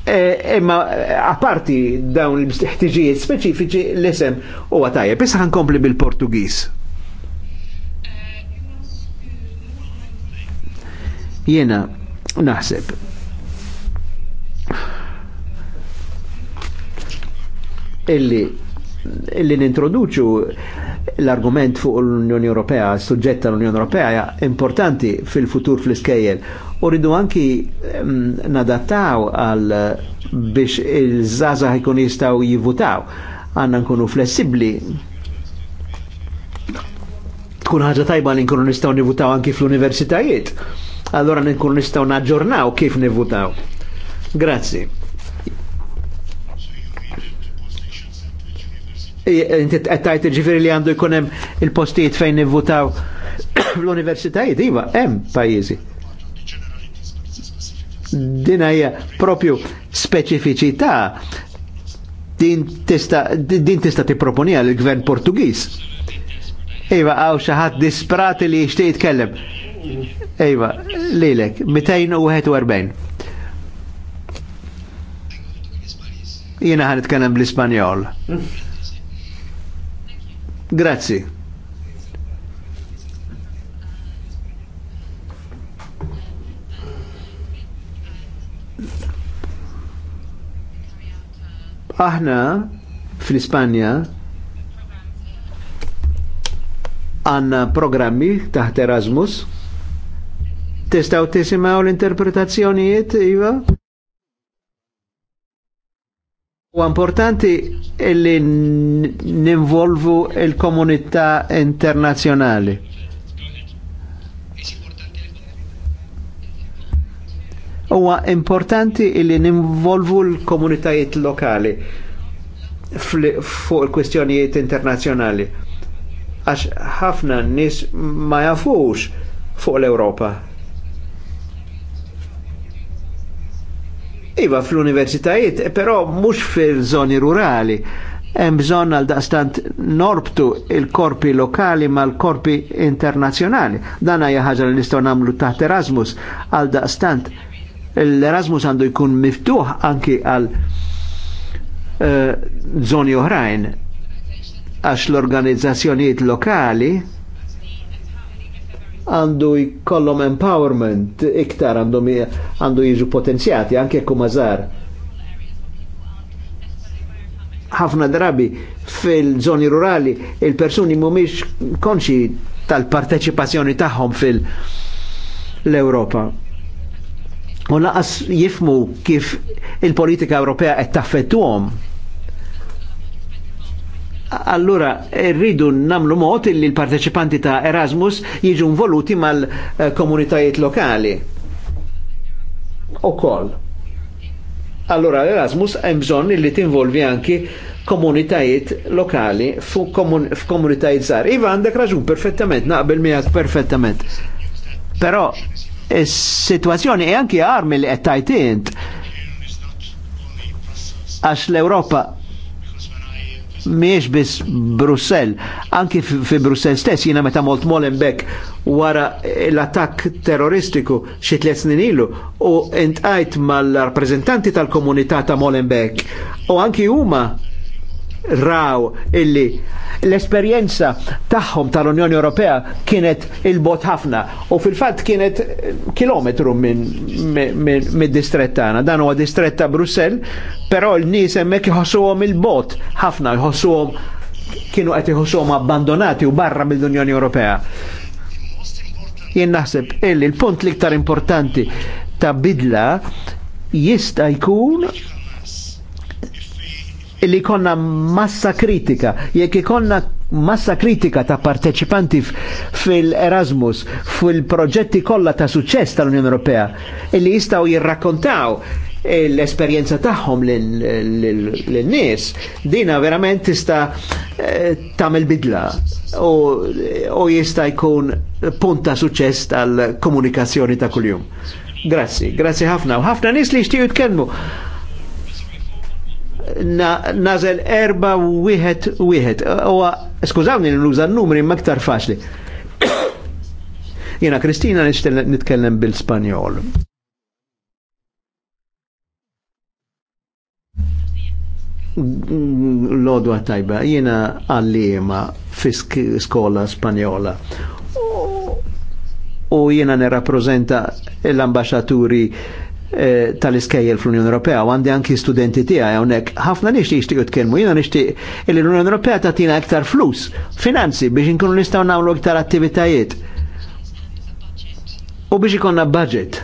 [SPEAKER 4] E, imma e, aparti dawn l-ħtiġijiet speċifiċi l-isem u għatajja. Pisa għan kompli bil-Portugis. Jena naħseb illi illi nintroduċu l-argument fuq l-Unjoni Ewropea, suġġett tal-Unjoni Ewropea importanti fil-futur fl-iskejjel. U rridu anki nadattaw għal biex il-żaza ħajkun jistaw jivutaw. Għanna nkunu flessibli. Tkun ħaġa tajba li nkunu nistaw nivutaw anki fl-universitajiet. Allora nkunu nistaw naġġornaw kif nivutaw. Grazie. Eh, inti għettajt ġifiri li għandu jkunem il-postijiet fejn nivvutaw l-universitajiet, iva, hemm pajizi. Din hija propju speċifiċità din tista' din tista' tipproponija l-gvern Portugiż. Iva, għaw xaħat disprati li jishtiq jitkellem. Iva, lilek, 241. Jina ħan itkellem bl-Ispanjol. Grazie. Aħna fl-Ispanja għanna programmi taħt Erasmus. Testaw tisimaw l-interpretazzjonijiet, Iva? U importanti li ninvolvu il-komunità internazjonali. Huwa importanti li ninvolvu l-komunitajiet lokali fuq il kwistjonijiet internazzjonali. Għax ħafna nis ma jafux fuq l ewropa Iva fl-universitajiet, però mhux fil-żoni rurali. Hemm bżonn għal daqstant norbtu il-korpi lokali mal-korpi internazzjonali. Dan hija ħaġa li nistgħu nagħmlu taħt Erasmus għal daqstant l-Erasmus għandu jkun miftuħ anki għal uh, eh, zoni oħrajn għax l-organizzazzjonijiet lokali għandu jkollhom empowerment iktar għandhom għandu jiġu potenzjati anke jekk mażar. Ħafna drabi fil-żoni rurali il-persuni mhumiex konxi tal-parteċipazzjoni tagħhom fil-Ewropa. U laqas jifmu kif il-politika Ewropea qed taffettuhom Allura, rridu namlu mot li l-parteċipanti ta' Erasmus jiġu involuti mal-komunitajiet lokali. Okol. Allora, l-Erasmus hemm bżonn li tinvolvi anki komunitajiet lokali f'komunitajiet zar. Iva għandek raġun perfettament, naqbel miegħek perfettament. Però is-sitwazzjoni e anki armi li qed għax l-Europa miex biss Brussel, anki fi Brussel stess, jina meta molt Molenbeek wara l-attak terroristiku xi tliet snin ilu u intqajt mal-rappreżentanti tal-komunità ta' Molenbeek u anki huma raw illi l-esperjenza tagħhom tal-Unjoni Ewropea kienet il-bot ħafna u fil-fatt kienet kilometru minn min, min distret tagħna. Dan huwa distret ta' Brussell, però l-nies hemmhekk iħossuhom il-bot ħafna jħossuhom kienu qed iħossuhom abbandonati u barra mill-Unjoni Ewropea. Jien naħseb illi l-punt l-iktar importanti ta' bidla jista' jkun illi konna massa kritika, jekk ikonna massa kritika ta' parteċipanti fil-Erasmus, fil-proġetti kollha ta' suċċess tal-Unjoni Ewropea, illi jistgħu jirrakkontaw l-esperienza tagħhom lin-nies, dina verament tista' eh, tagħmel bidla u jista' jkun punt ta' suċċess tal-komunikazzjoni ta' kuljum. Grazzi, grazzi ħafna. U ħafna nies li jixtiequ jitkellmu Nazel erba wieħed wieħed. Huwa skużawni nuża n-numri maktar faċli. Jena Kristina nitkellem bil-Spanjol. Lodwa tajba, jena għallima fi skola spanjola u jena nirrapprezenta l ambasġaturi Eh, tal-iskejjel fl-Unjoni Ewropea u għandi anki studenti tiegħi hawnhekk ħafna nixti jixtiequ tkellmu jiena nixtieq li l-Unjoni Ewropea tagħtina iktar flus, finanzi biex inkunu nistgħu nagħmlu iktar attivitajiet. U biex ikonna budget.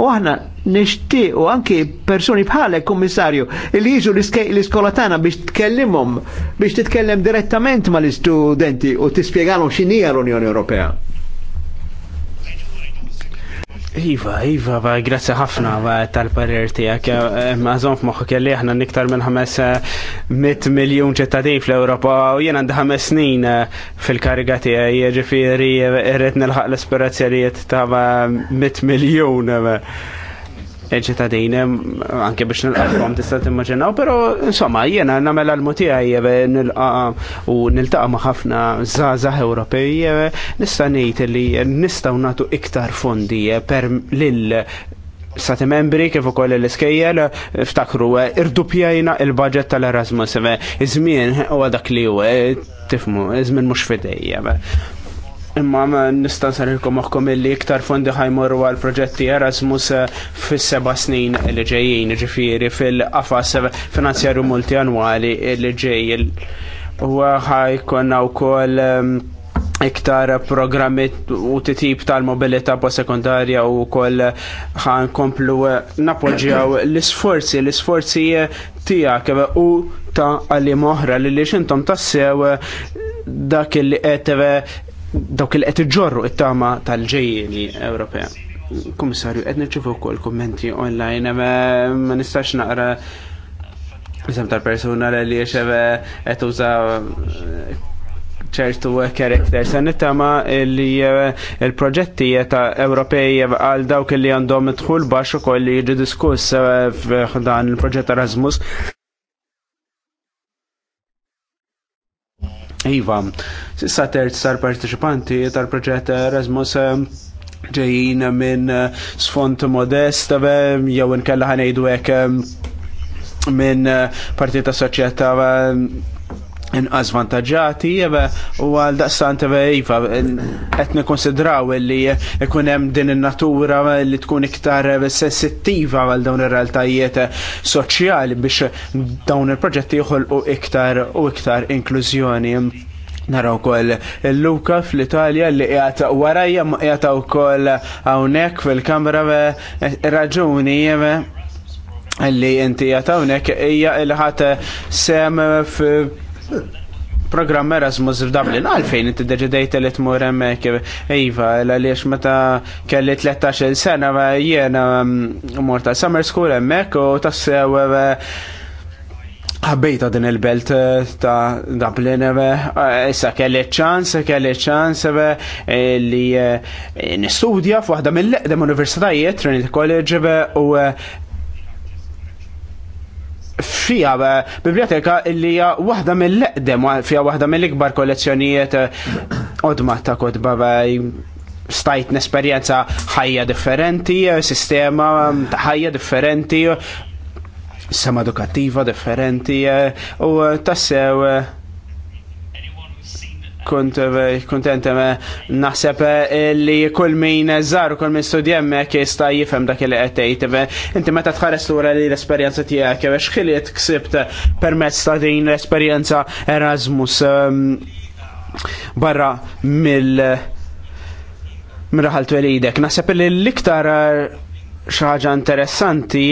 [SPEAKER 4] U aħna u anki persuni bħalek kummissarju li jiġu l-iskola tagħna biex tkellimhom biex titkellem direttament mal-istudenti u tispjegalhom x'inhija l-Unjoni Ewropea.
[SPEAKER 1] Iva, Iva, va, grazie ħafna va, tal-parir tijak. Eh, eh, Mażon f-moħu kelli ħna niktar minn 500 eh, miljon ċittadin fl-Europa u jena għandi ħames snin fil-kariga tijaj, ġifiri, irrit nilħaq l-esperazzjalijiet ta' 100 miljon ċittadin anke biex nilqakom tista' timmaġinaw, però insomma jiena nagħmel għall muti nilqa' u nil ma' ħafna zazah Ewropej nista' ngħid li nistgħu nagħtu iktar fondi per lil stati membri kif ukoll l-iskejjel ftakru irdupjajna il-budget tal-Erasmus. Iż-żmien dak li tifmu, iżmien żmien mhux fidejja. Imma nistan sarilkom maħkom illi iktar fondi ħajmur għal proġetti Erasmus eh, fis seba snin li ġejjien ġifiri fil-qafas finanzjarju multianwali li ġej. U ħajkonna u koll eh, iktar programmi u titib tal-mobilita po sekundarja u koll ħan komplu eh, napoġġjaw l-sforzi, l-sforzi tijak u ta' għalli moħra li li xintom tassew dak li għetve dawk il qed iġorru it-tama tal ġejjieni Ewropea. Kummissarju, qed niċċifu wkoll kummenti online, ma nistax naqra Isem tal-persuna li jiexeve qed uża eh, ċertu karakter. Sen it-tama li eh, il-proġetti ta' Ewropej għal dawk li għandhom dħul baxu ukoll li jiġi diskuss eh, f'dan il-proġett Erasmus Iva, sa terz tal-partiċipanti tal-proġett Erasmus eh, ġejjin minn eh, sfont modest, eh, jew nkella ħanejdu hekk minn partita ta' soċjetà inqas vantaġġati u għal daqstant iva qed nikkonsidraw li ikun hemm din in-natura li tkun iktar sensittiva għal dawn ir-realtajiet soċjali biex dawn il-proġetti joħolqu iktar u iktar inklużjoni. Naraw kol Luka fl-Italja li jgħata warajja jgħata u kol għawnek fil-kamra raġuni li inti jgħata għawnek ħat sem f' Programm Erasmus f'Dublin, għalfejn inti deġidejt li tmur hemmhekk iva, għaliex meta kelli 13-il sena jiena mm, mort ta' summer school hemmhekk u tassew eh, ħabbejta din il-belt eh, ta' Dublin, eh, issa kelli ċans, kelli ċans li nistudja f'waħda mill-eqdem universitajiet, Trinity College, u fija eh, biblioteka li hija waħda mill-eqdem, fija waħda mill-ikbar kollezzjonijiet eh, odma ta' kodba eh, stajt n-esperienza ħajja differenti, sistema mm, ħajja differenti, sistema edukattiva differenti u tassew kont eh, kontent eh, naħseb eh, li kull min żar u kull min studjemmek jista jifhem dak li qed tgħid. Inti meta tħares lura li l-esperjenza tiegħek jew x'ħiliet ksibt permezz ta' din l-esperjenza Erasmus ehm, barra mill mirraħal twelidek. Naħseb li l-iktar xaħġa interessanti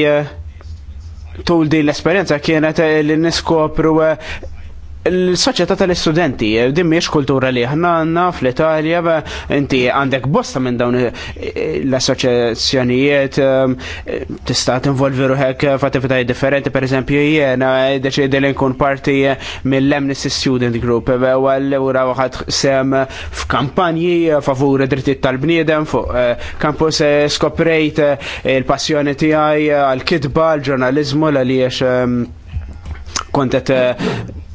[SPEAKER 1] tul din l-esperjenza kienet li niskopru l-soċjetà tal-istudenti, din mhijiex kultura li aħna għandna fl-Italja, inti għandek bosta minn dawn eh, l-assoċjazzjonijiet ehm, tista' tinvolvi ruhek f'attivitaj differenti, pereżempju jiena deċidi li nkun parti mill-Amnesty Student Group u allura waħad sem f'kampanji favur drittijiet tal-bniedem fuq kampus eh, eh, skoprejt il-passjoni tiegħi għal-kitba, l-ġurnaliżmu l għaliex ehm, kontet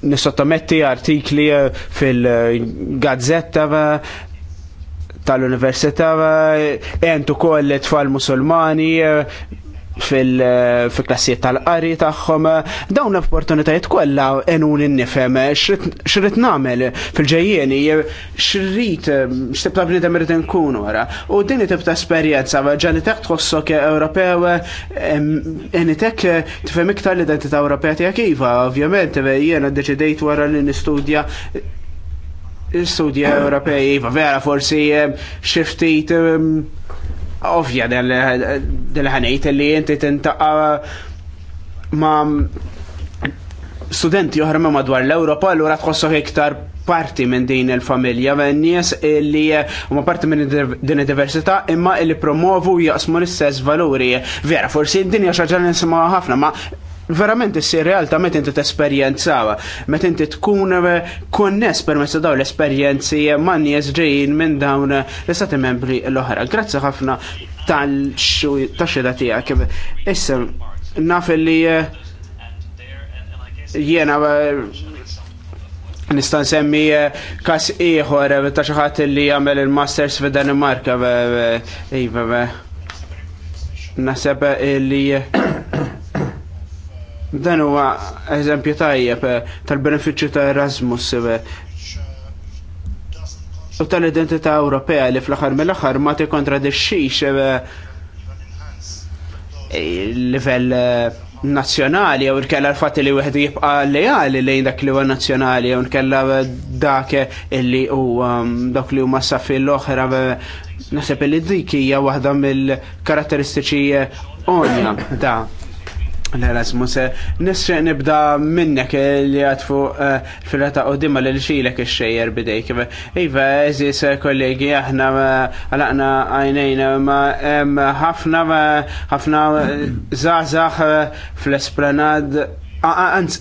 [SPEAKER 1] nisottometti artikli eh, fil-gazzetta eh, tal-università, entu eh, e koll tfal musulmani, fil eh, klassiet tal-qari tagħhom, dawn l-opportunitajiet kollha enun innifhem x'rid nagħmel fil-ġejjieni x'rid eh, x'tib ta' bniedem irid inkun wara. U din tip ta' esperjenza ġalli tek tħossok Ewropew enitek tifhem iktar l-identità Ewropea tiegħek iva, ovvjament eh, jiena ddeċidejt wara li nistudja l-studja Ewropej, iva, vera forsi xiftit ovvja del ħanejt li inti tintaqqa ma' studenti oħra ma' madwar l l allura tħossok iktar parti minn din il-familja, nies li huma parti minn din id-diversità imma li promovu jaqsmu l-istess valuri. Vera, forsi d-dinja xaġa nisimgħu ħafna, ma verament issir realtà meta inti tesperjenzawa, meta inti tkun konness per permezz dawn l-esperjenzi ma' nies ġejjin minn dawn l-istati membri l-oħra. Grazzi ħafna tal-xida tiegħek. Issa naf li jiena nista' nsemmi kas ieħor ta' xi ħadd li jagħmel il-masters fi Danimarka. Iva, naseb li Dan huwa eżempju tajjeb eh, tal-benefiċċju ta' Erasmus eh, u tal-identità Ewropea li fl-aħħar mill-aħħar ma tikkontradixxix eh, il-livell nazzjonali jew kellha l-fatt li wieħed jibqa' lejali lejn dak li huwa nazzjonali jew nkella dak illi huwa mm, dak li huma saffi l-oħra naħseb li dik hija waħda mill-karatteristiċi onja ta' L-Erasmus, eh, nisċe nibda minnek li għad fuq eh, fil-rata u dimma li xilek il-xejjer bidejk. Iva, eżis eh, kollegi, aħna għalakna għajnejna ma ħafna ħafna zazax fl-esplanad. Anz,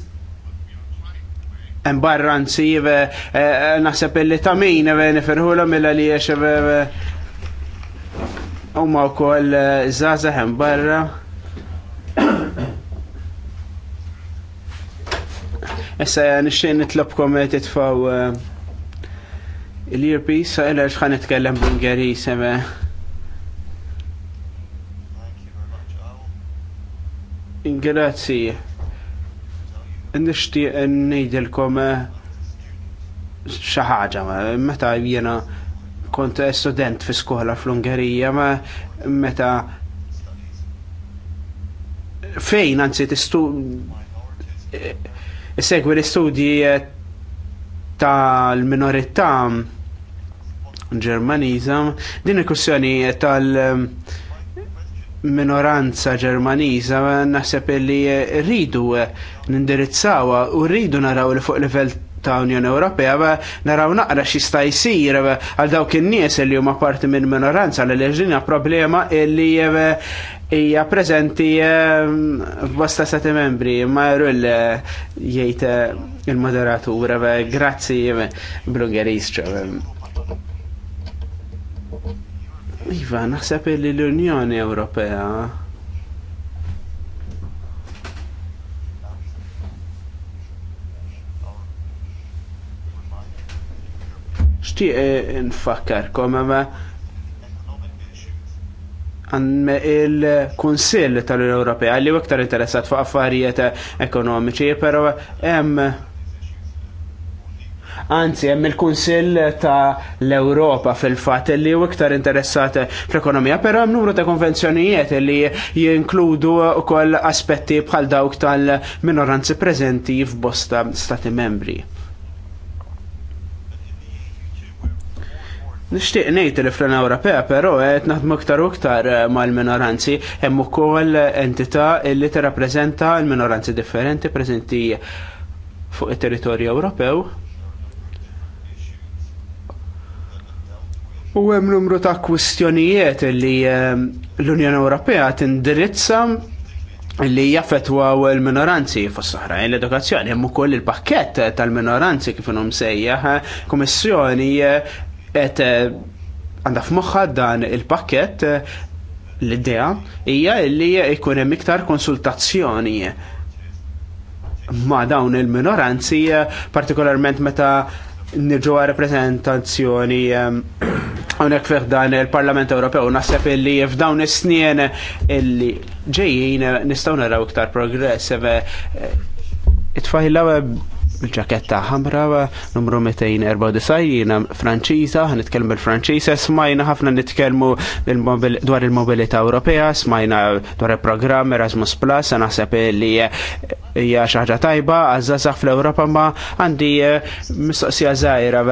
[SPEAKER 1] embarranzi, nasab li tamin, niferħula mill li jiex. Umma u koll zazax embarra. Issa nixxin nitlobkom eh, titfaw eh, l earpiece sa' il-għax xan nitkellem bungeri eh, seme. Grazzi. Nishtiq nejdilkom xaħġa, meta jena kont student fi skola fl-Ungerija, ma meta fejn, anzi, tistu segwi l-istudji eh, tal-minorità ġermaniża din il-kussjoni tal- minoranza ġermaniża naħseb li rridu nindirizzawa u rridu naraw li fuq livell ta' Unjoni Ewropea naraw naqra xi sta jsir għal dawk in-nies li huma parti minn minoranza li leġina problema li eh, hija preżenti eh, f'bosta sati membri ma jrull eh, jgħid il-moderatur grazzi bl Iva, naħseb li l-Unjoni Ewropea xtieq eh, nfakkarkom ma għanme il-Kunsill tal-Ewropea li iktar interessat fuq affarijiet ekonomiċi, pero hemm Anzi, hemm il-Kunsill ta' l-Ewropa fil-fatt li hu iktar interessat fl-ekonomija, però hemm numru ta' konvenzjonijiet li jinkludu wkoll aspetti bħal dawk tal-minoranzi preżenti f'bosta stati membri. Nishtiq ngħid li fl-Unjoni Ewropea però qed naħdmu aktar u iktar eh, mal-minoranzi hemm ukoll entità li tirrappreżenta l-minoranzi differenti preżenti fuq it-territorju Ewropew. U hemm numru ta' kwistjonijiet li eh, l-Unjoni Ewropea tindirizza li jaffetwaw il-minoranzi fos soħrajn l-edukazzjoni, hemm ukoll il-pakket tal-minoranzi kif inhom sejjaħ, komissjoni eh, et eh, għandaf f'moħħa dan il-pakket eh, l-idea hija li jkun hemm iktar konsultazzjoni ma' dawn il-minoranzi, eh, partikolarment meta nirġu rappresentazzjoni għonek fiħ dan il-Parlament Ewropew naħseb illi f'dawn is-snien illi ġejjin nistgħu naraw iktar progress it-tfajla ġaketta ħamra numru 294 jiena Franċiża, ħanitkellmu bil-Franċiża, smajna ħafna nitkellmu dwar il-mobilità Ewropea, smajna dwar il-programm Erasmus Plus, naħseb li hija xaħġa tajba għażażaħ fl-Ewropa ma għandi eh, mistoqsija zaħira,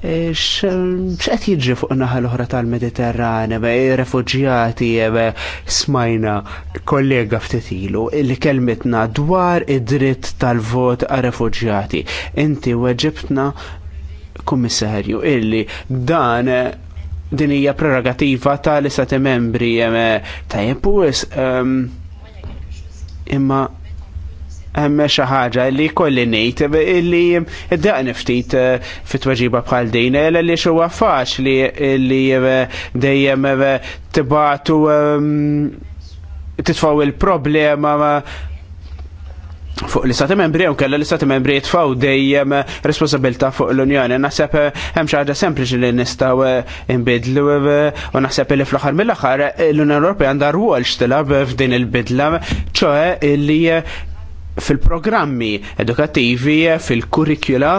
[SPEAKER 1] eh, x'qed jiġri fuq naħa l-oħra tal-Mediterran, refuġjati eh, smajna kollega ftitilu li kelmetna dwar id-dritt tal-vot għal refuġjati refuġjati. Inti weġibtna kummissarju illi dan eh, din hija prerogativa tal-istati membri eh, tajjeb wis ehm, imma hemm xi ħaġa li kolli ngħid illi id daq niftit eh, fit-tweġiba bħal din li huwa faċli li dejjem tibatu ehm, titfaw il-problema fuq l-istati membri u kella l-istati membri jitfaw dejjem responsabilta fuq l-Unjoni. Naħseb eh, hemm xi ħaġa sempliċi li nistgħu inbidlu eh, eh, u naħseb li fl-aħħar mill-aħħar l-Unjoni Ewropea għandha rwol xtilab f'din il-bidla, ċoe li fil-programmi edukattivi, fil-kurrikula,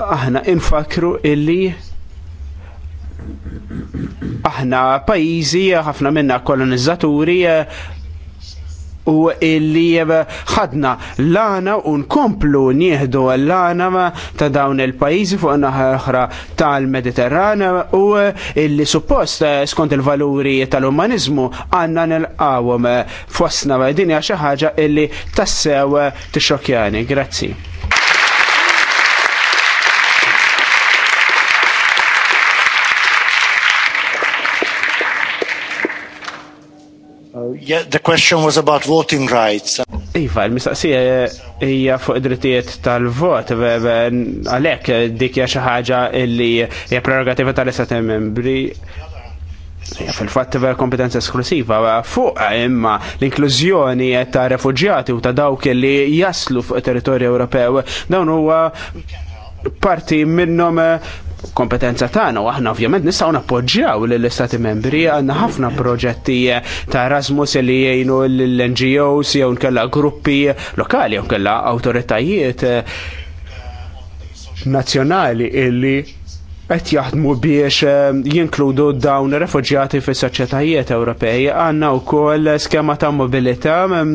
[SPEAKER 1] aħna infakru illi aħna pajizi, ħafna minna kolonizzaturi, u illi ħadna l-għana u nkomplu nieħdu l-għana ta' dawn il-pajizi fuq naħra tal mediterrana u illi suppost eh, skont il-valuri tal-umanizmu għanna nil-qawm fosna dinja xaħġa illi tassew t-xokjani. Grazzi. yeah, the question was about voting rights. Iva, il-mistaqsija hija fuq id-drittijiet tal-vot, għalhekk dik hija xi ħaġa li hija prerogativa tal-istati membri fil-fatt vera kompetenza esklusiva fuq imma l-inklużjoni ta' refugjati u ta' dawk li jaslu fuq territorju Ewropew dawn huwa parti minnhom kompetenza tagħna u aħna ovvjament nistgħu nappoġġjaw lill-istati membri għandna ħafna proġetti ta' Erasmus li jgħinu l-NGOs jew nkella gruppi lokali jew nkella awtoritajiet nazzjonali illi qed jaħdmu biex ehm, jinkludu dawn refuġjati fis-soċjetajiet Ewropej għandna wkoll skema ta' mobilità ehm,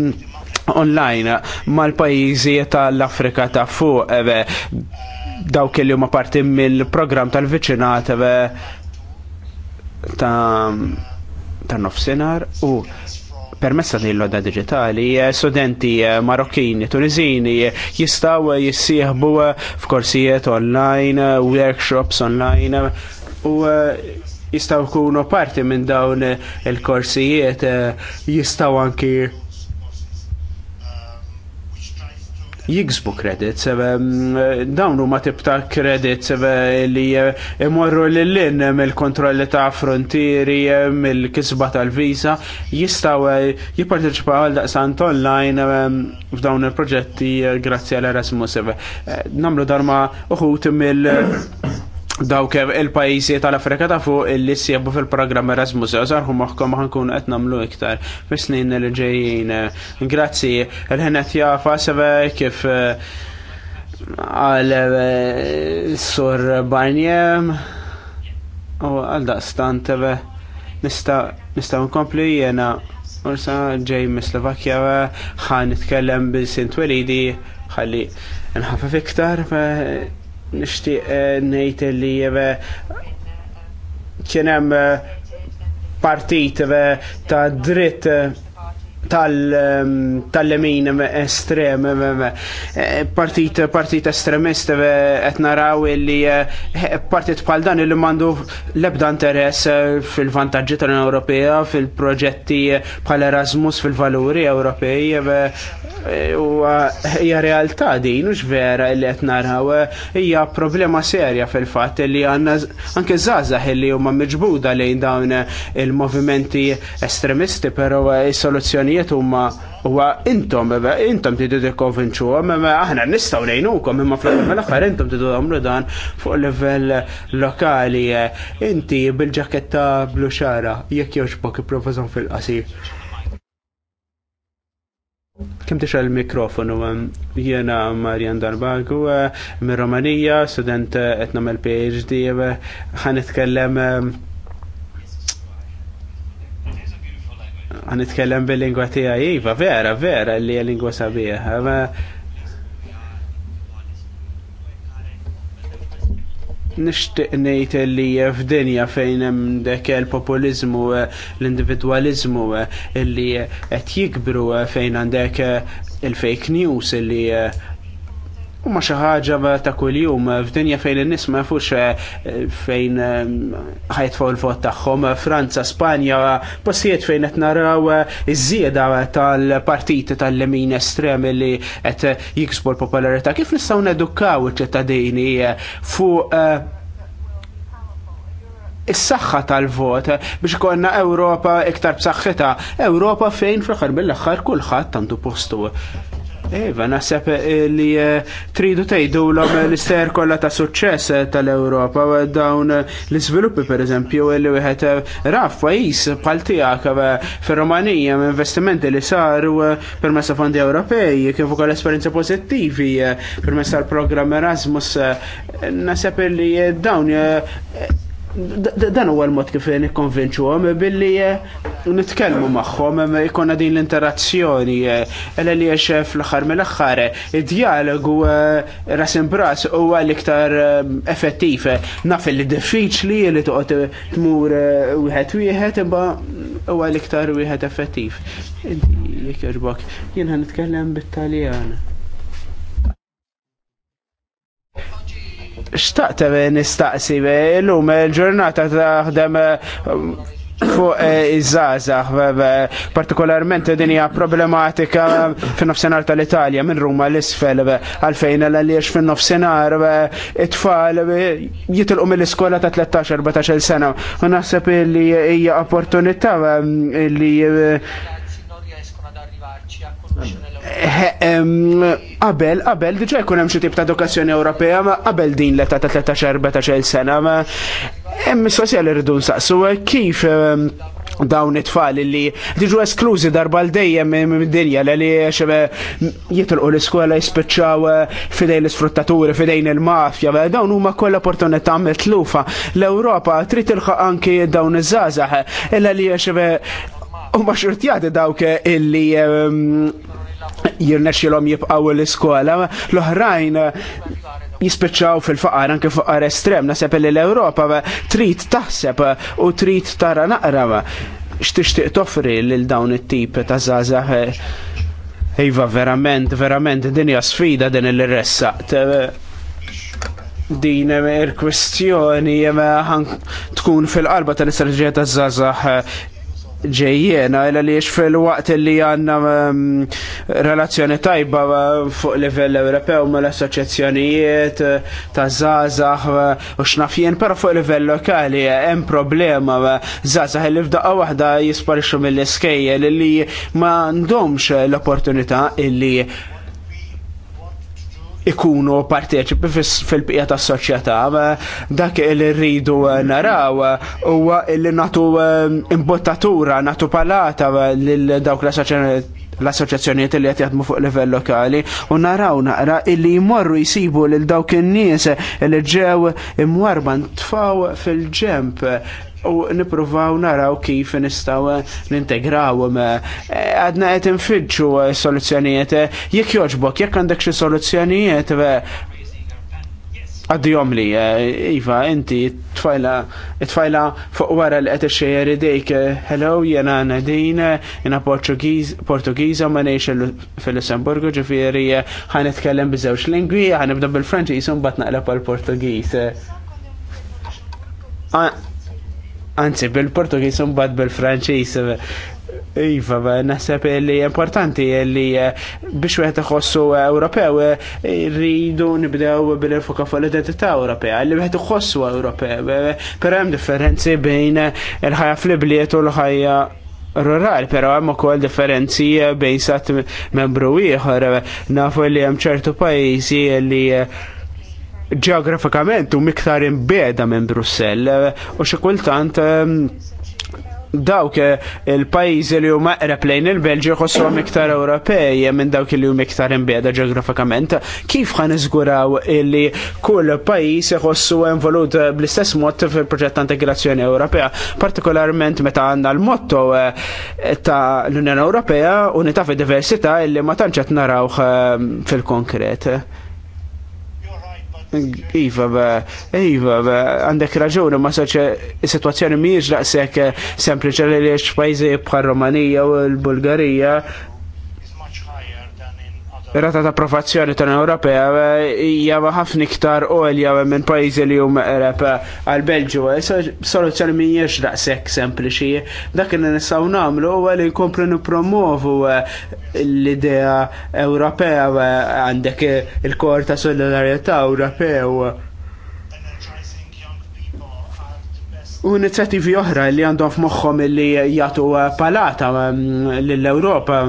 [SPEAKER 1] online mal-pajjiżi tal-Afrika ta' fuq dawk li huma parti mill-programm tal-viċinat eh, ta' ta' nofsinar u permessa din l loda digitali, eh, studenti eh, marokkini, tunizini jistaw jissieħbu f'korsijiet online, workshops online u jistaw kunu parti minn dawn il-korsijiet jistaw anki jiksbu kredit. Eh, eh, dawn huma tip ta' kredit eh, li imorru l lin mill-kontrolli ta' frontieri, mill-kisba tal-visa, jistaw jiparteċipa għal daqsant online f'dawn il-proġetti grazzi għal Erasmus. Namlu darma uħut mill- dawk il-pajjiżi tal-Afrika ta' fuq illi siebu fil-programm Erasmus sarħu maħkom ħankun qed nagħmlu iktar fis-snin li ġejjin. Grazzi, il-ħenet jafa sebe kif eh, għal eh, sur Barnjem u għal daqstan tebe nista' nkompli jena Ursa ġej mis-Slovakja eh, ħan nitkellem bil-sint welidi ħalli nħafaf iktar nishtiq eh, nejt li eh, kienem eh, partijt ta' dritt Ehm, tal-lemin estrem, eh, partit, partit estremist, et naraw li eh, eh, partit bħal dan li mandu lebda interess fil-vantagġi tal-Unjoni Ewropea, fil-proġetti bħal Erasmus, fil-valuri Ewropej, u hija realtà din, mhux vera li qed naraw, hija problema serja fil-fatt li għandna anke żgħażagħ li huma miġbuda lejn dawn il-movimenti estremisti, però is-soluzzjoni l-affarijiet huma huwa intom beba intom tidu tikkonvinċu imma aħna nistgħu ngħinukom imma mela fl-aħħar mill-aħħar intom tidu tagħmlu dan fuq livell lokali eh, inti bil-ġaketta blu xara jekk jogħġbok ipprovażhom fil qasi Kim tixa l-mikrofonu, eh, jena Marjan Darbagu, eh, mir romanija student etnam etnamel PhD, itkellem għan itkellem bil-lingwa tija jiva, vera, vera li lingwa sabiħ. Nishtiq nejt li f'dinja fejn hemm dek il-populizmu, l-individualizmu li qed jikbru fejn għandek il-fake news li U ma xaħġa ta' kull-jum, f'dinja fejn n-nis ma jafux eh, fejn eh, ħajtfaw il-vot tagħhom, Franza, Spanja, postijiet fejn qed naraw eh, iż-żieda tal-partiti tal-lemin estrem li qed jiksbu l-popolarità. Kif nistgħu nedukkaw iċ-ċittadini fuq is-saħħa tal-vot biex ikollna Ewropa iktar b'saħħitha, Ewropa fejn fl-aħħar mill-aħħar kulħadd għandu postu. Iva, naħseb eh, li eh, tridu tejdu l l-ister kolla ta' suċċess eh, tal-Europa, dawn l-izviluppi per eżempju, li wieħed raf pajis pal-tijak fil romanija investimenti li saru per messa fondi Ewropej, kif ukoll pozittivi per messa l programm Erasmus, naħseb li dawn dan huwa l-mod kif nikkonvinċuhom billi eh, nitkellmu magħhom eh, ikonna din l-interazzjoni ella eh, li e fl-aħħar mill-aħħar id-dialogu ras imbras huwa l-iktar effettiv naf li diffiċli li toqgħod tmur wieħed wieħed imma huwa l-iktar wieħed effettiv. Jekk jogħġbok, jien ħanitkellem bit-Taljan. xtaqt nistaqsi l-lum il-ġurnata eh, taħdem eh, fuq eh, iż-żazax, partikolarment din hija problematika fin-nofsinhar tal-Italja minn Ruma l-isfel għalfejn għaliex fin-nofsinhar it-tfal jitilqu mill-iskola ta' 13-14 sena u naħseb li hija opportunità li Eh, qabel, qabel, diġa jkun hemm xi tip ta' edukazzjoni Ewropea, ma qabel din l-età ta' 13-14 sena, ma hemm sosjali rridu nsaqsu eh, kif dawn it-tfal li diġu esklużi darba l-dejjem dinja li xebe jitilqu l-iskola jispiċċaw eh, fidejn l isfruttaturi fidejn il-mafja, dawn huma koll opportunità mitlufa. L-Ewropa trid tilħaq anki dawn iż-żgħażagħ, illa li xebe U ma xurtjati dawk illi ehm, jirnexilom jibqaw l-iskola, l-oħrajn jispeċaw fil-faqar, anke faqar estrem, naseb li l-Europa trid taħseb u trid tara naqra x'tixtieq toffri lil dawn it-tip ta' żgħażagħ Iva, verament, verament, dinja sfida din il-ressaqt din il-kwestjoni tkun fil-qalba tal-istraġija ta' zazax ġejjena, illa li fil-waqt li għanna um, relazzjoni tajba uh, fuq livell Ewropew mal assoċjazzjonijiet uh, ta' zazax uh, u xnafjen, pero fuq livell lokali hemm problema zazax li f'daqqa waħda jisparixu mill-iskejjel li ma għandhomx l-opportunità illi ikunu parteċipi fil-bqija tas soċjetà dak li rridu eh, naraw eh, huwa li natu eh, imbottatura, natu palata lil dawk l-assoċjazzjonijiet li qed jadmu fuq livell lokali u naraw naqra illi jmorru jsibu lil dawk in-nies li ġew imwarban tfaw fil-ġemp u nipruvaw naraw kif nistaw nintegraw eh, għadna qed nfidġu eh, soluzzjonijiet eh, jek joġbok jek għandek xi soluzzjonijiet għaddijom li, Iva, inti tfajla fuq wara li għet xejer dik hello, jena Nadin, jena Portugiza, ma neħx fil-Lussemburgu, ġifiri, għan itkellem bizzewx lingwi, għan ibda bil franċi jisum batna naqla pal-Portugiz. Ah, Anzi, bil-Portugis un bad bil-Franċis. Iva, naħseb li importanti li eh, biex wieħed iħossu Ewropew eh, rridu nibdew bil-infoka fuq identità Ewropea, li wieħed iħossu Ewropew. Però hemm differenzi bejn il-ħajja fl-ibliet u l-ħajja rural, pero hemm ukoll differenzi bejn sat membru ieħor. Nafu li hemm ċertu pajjiżi li eh, ġeografikament u miktar imbeda minn Brussell eh, u xi kultant ehm, dawk eh, il-pajjiżi li huma qreb lejn il-Belġju jħossuhom iktar Ewropej eh, minn dawk li huma iktar imbeda ġeografikament. Kif ħan iżguraw li kull pajjiż iħossu involut bl-istess mod fil-proġett ta' integrazzjoni Ewropea, partikolarment meta għandna l-motto ta' l-Unjoni Ewropea unità fi diversità illi ma tantx qed narawh fil-konkret. Iva, iva, għandek raġuni, ma saċe situazzjoni miġ laqsek sempliċi li li eċ pajzi bħal Romanija u l-Bulgarija rata ta' approvazzjoni tal Ewropea eh, hija ħafna iktar għolja minn pajjiżi li huma Ewropa eh, għal Belġu. Eh, soluzzjoni da' sekk sempliċi. Dakken li nistgħu nagħmlu li nkomplu nippromovu l-idea Ewropea għandek il-kor ta' solidarjetà Ewropew. U inizjativi oħra li għandhom f'moħħom li jagħtu palata mm, lill-Ewropa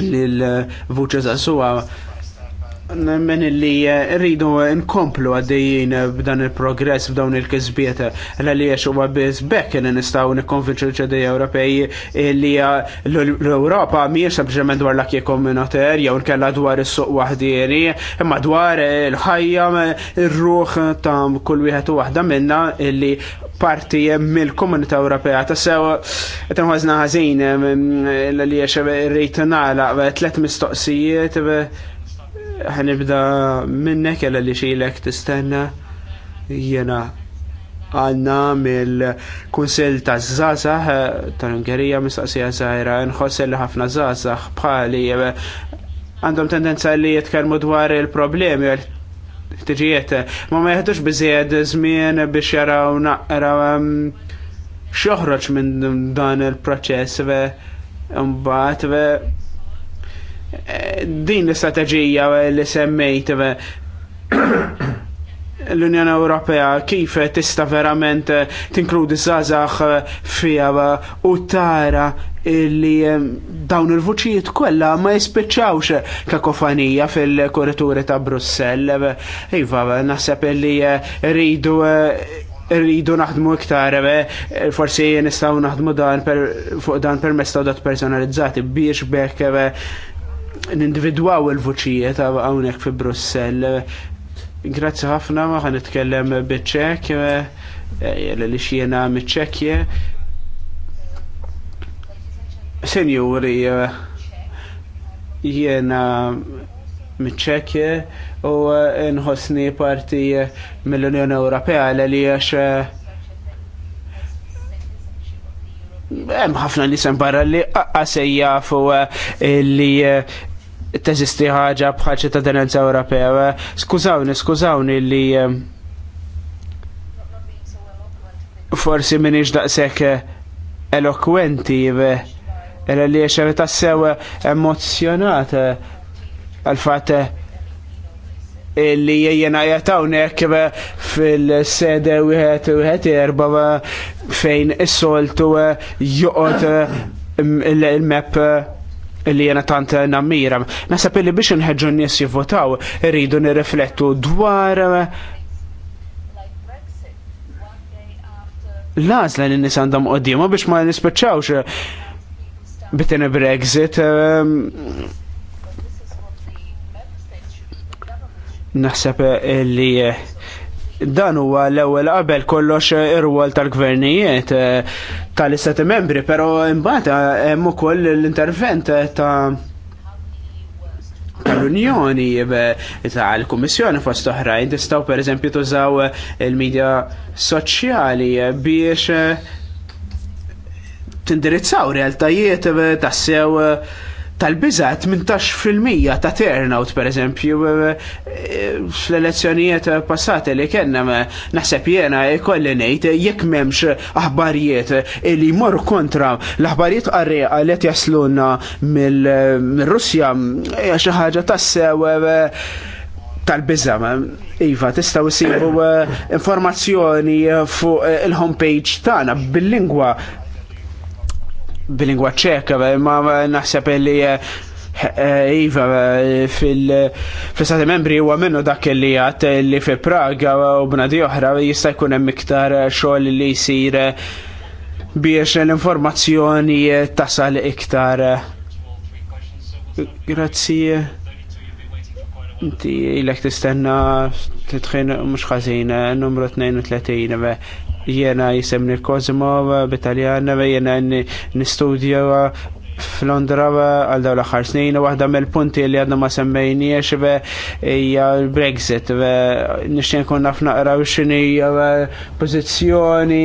[SPEAKER 1] l-vuċa ta' suwa Nemmen li eh, rridu nkomplu għaddejjien b'dan il-progress b'dawn il-kizbiet l-għalli għax huwa biss bekk li nistgħu nikkonvinċu l-ċedej Ewropej li eh, l-Ewropa mhijiex sempliċement dwar l-akje komunitar jew nkella dwar is-suq waħdieri, imma dwar il-ħajja ir-ruħ ta' kull wieħed u waħda minna illi parti mill-Komunità Ewropea. Ta' sew qed inħożna ħażin li għax rejt nagħlaq tliet mistoqsijiet ħanibda minnek jella li xilek tistenna jena għanna mill-Kunsil ta' Zazax tal-Ungerija Mistoqsija zaħira nħoss li ħafna Zazax bħali għandhom tendenza li jitkellmu dwar il-problemi ħtiġijiet ma ma jeħdux biżjed żmien biex jaraw naqra xoħroġ minn dan il-proċess mbagħad e, din l-istrateġija li semmejt l-Unjoni Ewropea kif tista' verament tinkludi żgħażagħ fiha u tara li ehm, dawn il-vuċijiet kollha ma jispiċċawx kakofanija fil-kurituri ta' Brussell. Eh, iva, naħseb li eh, rridu eh, rridu naħdmu iktar, forsi nistaw naħdmu dan per, fuq dan permess ta' dat personalizzati biex bekk nindividwaw il-vuċijiet hawnhekk fi Brussell. Grazzi ħafna ma ħan nitkellem biċċek li xiena miċċekje. Senjuri, jiena mitċekje u nħosni parti mill-Unjoni Ewropea li għax eh, hemm ħafna nisem barra li qasejja fu eh, li eh, teżisti ħaġa bħal ċittadinanza Ewropea. Skużawni, skużawni li forsi minix daqshekk elokwenti Ella li xevet tassew emozjonat eh, għal-fat eh, illi jiena jataw nekbe eh, fil-sede u għet u għet erba fejn is-soltu juqot il-mep li jena tant nammira. Nasab li biex nħedġu n-nies jivvotaw, rridu nirriflettu dwar l-għazla li nis għandhom qoddima biex ma nispeċċawx a Brexit um, naħseb li eh, dan huwa l-ewwel qabel kollox ir-rwol tal-gvernijiet eh, tal-istati membri, però imbagħad eh, hemm ukoll l-intervent ta' tal-Unjoni tal-Kummissjoni fost oħrajn tistgħu pereżempju tużaw il-medja soċjali biex tindirizzaw realtajiet eh, tassew eh, tal-bizat filmija ta' turnout per eżempju eh, fl-elezzjonijiet passate li kena naħseb jena kolli nejt jekk memx aħbarijiet li jmorru kontra l-aħbarijiet għarri li jaslunna mill-Russja xi ħaġa tassew tal-bizza, Iva, tistaw sibu informazzjoni fuq il-homepage tagħna bil-lingwa bilingwa ċeka, ma naħseb li eh, eh, Iva, eh, fil-stati membri huwa minnu dak li għat li fi Praga u bnadi oħra jista' jkun hemm iktar xogħol li jsir biex l-informazzjoni tasal iktar. Grazzi. Inti ilek tistenna titħin mhux ħażin numru 32 Jena jisemni Kozmo eh, b'Italjan, eh, jena nistudja eh, f'Londra għal dawla l-aħħar snin u waħda mill-punti li għadna ma semmejniex hija l-Brexit. Nixtieq nafna naf naqra x'inhi pozizjoni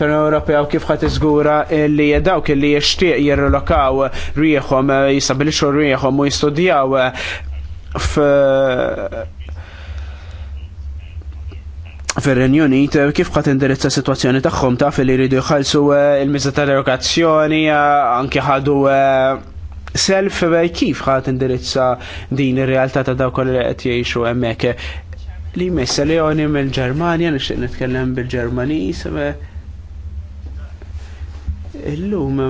[SPEAKER 1] tal Europea u kif ħat iżgura li dawk li jixtieq jirrelokaw rieħom, jisabilixu rieħom u jistudjaw f fil Unit eh, kif ħat indirizza situazzjoni tagħhom taf li jridu jħallsu eh, il mizza ta' edukazzjoni eh, anke ħadu self kif ħat indirizza din ir-realtà ta' dawk li qed jgħixu hemmhekk. Li messa għoni mill ġermania nixtieq nitkellem bil-Ġermaniż illum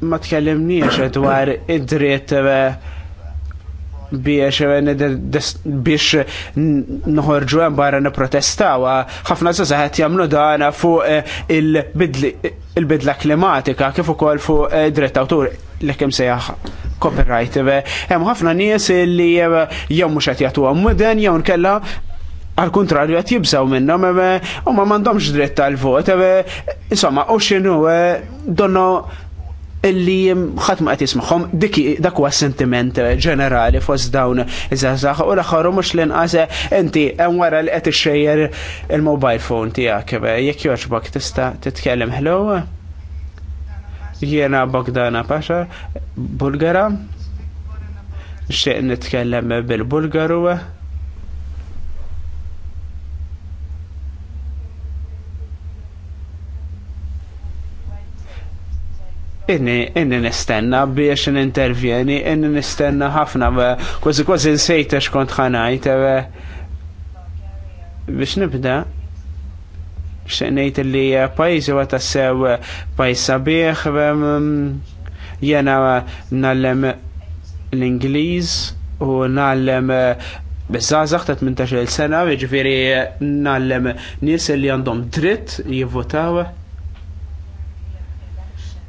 [SPEAKER 1] ma tkellimniex dwar id-dritt biex eh, biex nħorġu hemm barra nipprotestaw. Ah, ħafna zazahet jamlu jagħmlu dana fuq eh, il-bidla klimatika kif ukoll fuq eh, dritt autur, li kemm sejaħ. copyright. Hemm ħafna nies li jew mhux qed jagħtuha mudden jew nkella għal kontrarju għat jibżaw minnom, u ma mandomx dritt tal vot insomma, u xinu, donno Illi ħadd ma qed jismagħhom dik dak huwa sentiment ġenerali fost dawn iż-żazax u l-aħħar mhux l-inqas inti hemm wara li qed ixxejjer il-mobile phone tiegħek jekk jogħġbok tista' titkellem hello. Jiena Bogdana Pasha, Bulgara, xtieq nitkellem bil-Bulgaru inni, inni nistenna biex n-intervjeni, inni nistenna ħafna, kważi kważi nsejta xkont ħanajt, biex nibda, xenajt li eh, pajzi għata sew eh, pajsa biex, mm, jena eh, nallem l-Ingliż u nallem Bizzazax ta' 18 sena, ġifiri nallem nis li għandhom dritt jivvotaw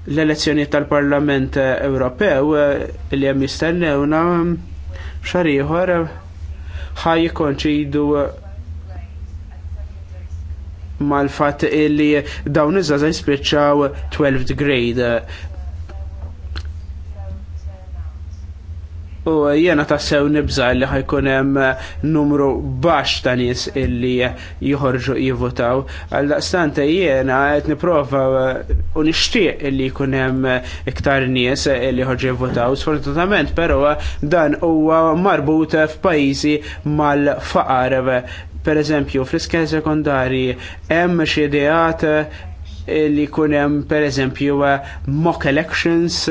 [SPEAKER 1] l-elezzjoni tal-Parlament Ewropew eh, li hemm jistennewna xahar ieħor eh, ħaj jikkonċidu eh, mal-fatt li dawn iż-żaza jispiċċaw 12th grade U jena tassew nibza li ħajkun hemm eh, numru baxx ta' nies illi eh, joħorġu jivvotaw. Għal daqstante eh, jena qed nipprova u nixtieq illi jkun hemm iktar nies illi jħorġu jivvotaw. Sfortunatament però dan huwa marbut f'pajjiżi mal-faqar. Per eżempju, fl-iskel sekondari hemm xi ideat li kunem per eżempju mock elections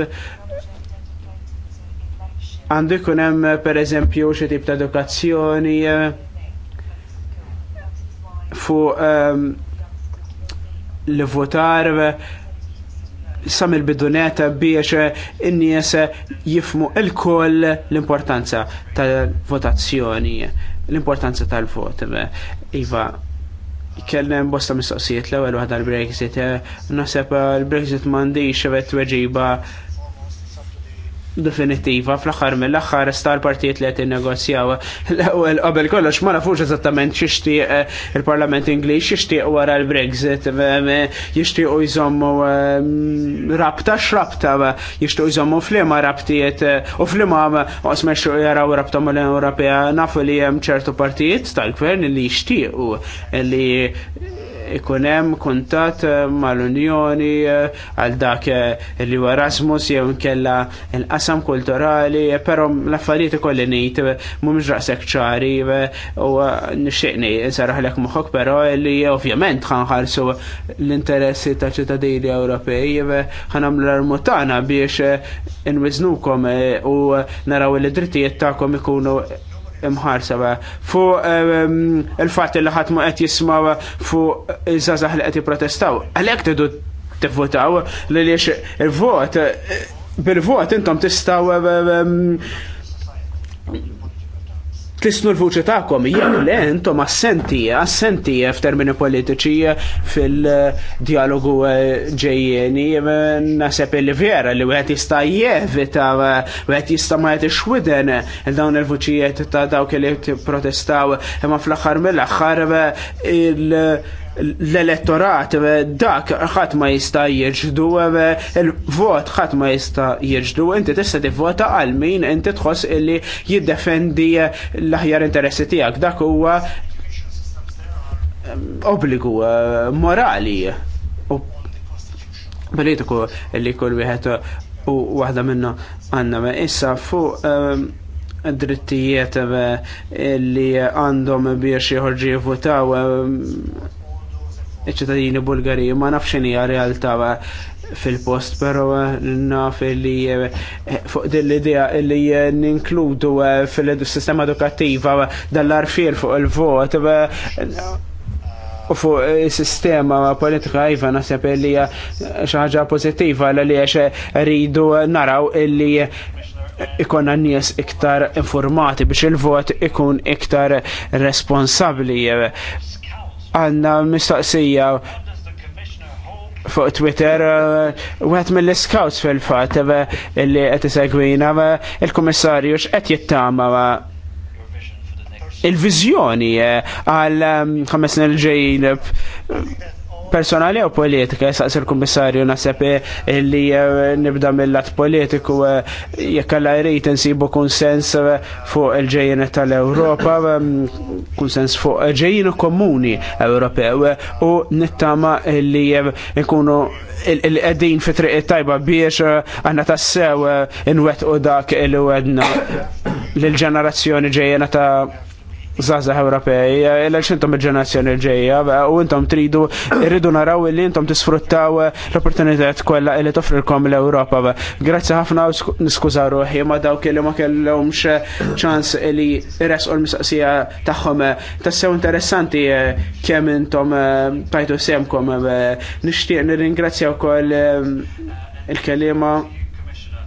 [SPEAKER 1] għandu jkun hemm pereżempju xi tip ta' edukazzjoni eh, fuq ehm, l-votar sam il-bidunet biex in-nies jifmu il-koll l-importanza tal-votazzjoni, l-importanza tal-vot. Iva, kellem bosta mistoqsijiet l-ewwel waħda l-Brexit. Naħseb l-Brexit m'għandix vet weġiba definitiva fl-axar mill-axar star partijiet li qed innegozjaw. L-ewwel qabel kollox ma nafux eżattament xixtieq eh, il-Parlament Ingliż xixtieq wara l-Brexit eh, jixtiequ jżommu eh, rabta x'rabta u jżommu flima rabtijiet u f'liema u jaraw rabta l-Europea nafu li hemm ċertu partijiet tal-gvern li jixtiequ li ikun hemm kuntatt eh, mal-Unjoni eh, għal dak eh, li huwa Erasmus jew nkella l-qasam kulturali, però l-affarijiet ikolli ngħid mhumiex raqsek ċari u nixtieqni nsaraħlek moħħok però li ovvjament ħanħarsu l-interessi ta' ċittadini Ewropej ħanamlu l-armutana biex inwiżnukom u naraw li drittijiet tagħkom ikunu imħarsa fu ehm, il-fatt li ħadd ma qed jisma' fu iż-żazax li qed jipprotestaw. Għalhekk tidu tivvotaw li il-vot bil-vot intom tistaw ehm, tisnu l-vuċi tagħkom jien le intom assenti, assenti f'termini politiċi fil-dialogu eh, ġejjeni naseb li vera li wieħed jista' jevita għet jista' ma xwiden dawn il-vuċijiet ta' dawk li protestaw imma fl-aħħar mill-aħħar il- l-elettorat eh, dak ħadd ma jista' jiġdu eh, il-vot ħadd ma jista' jiġdu, inti tista' tivvota għal min inti tħoss illi jiddefendi eh, l-aħjar interessi tiegħek dak huwa obbligu morali u politiku li kull wieħed u waħda minnu għandna issa fuq drittijiet li għandhom biex jħorġi votaw iċ-ċittadini Bulgari, ma nafx hija realtà fil-post, pero eh, naf li eh, fuq din l-idea li eh, ninkludu fil-sistema edukattiva dall-arfir fuq il-vot u fuq sistema politika iva nasib li xaħġa pozittiva li għax rridu naraw illi ikon għannies nies iktar informati biex il-vot ikun iktar responsabli għanna mistaqsija fuq Twitter, u uh, għet mill-scouts fil-fat, uh, illi għet segwina, uh, il-komissarju x'qed jittama il-vizjoni għal um, ħames l ġejn personali u politika, jessaqs il-Kummissarju naseb eh, illi eh, nibda mill-lat politiku eh, jekk għalla jrid insibu konsens fuq il-ġejjin tal-Ewropa, ehm, konsens fuq ġejjin komuni Ewropew u nittama illi jkunu il qeddin fi triq tajba biex għanna tassew in-wet u dak il-wedna l-ġenerazzjoni ġejjena ta' Zaza Ewropej, għalax intom il-ġenerazzjoni l-ġeja, u intom tridu, irridu naraw li intom tisfruttaw l-opportunitet kolla li toffrilkom l-Europa. Grazie ħafna u niskuza ruħi ma daw kelli ma kellhomx ċans li res u l-mistaqsija tagħhom tassew interessanti eh, kemm intom eh, tajtu semkom. Eh, Nixtieq nirringrazzja wkoll il-kelima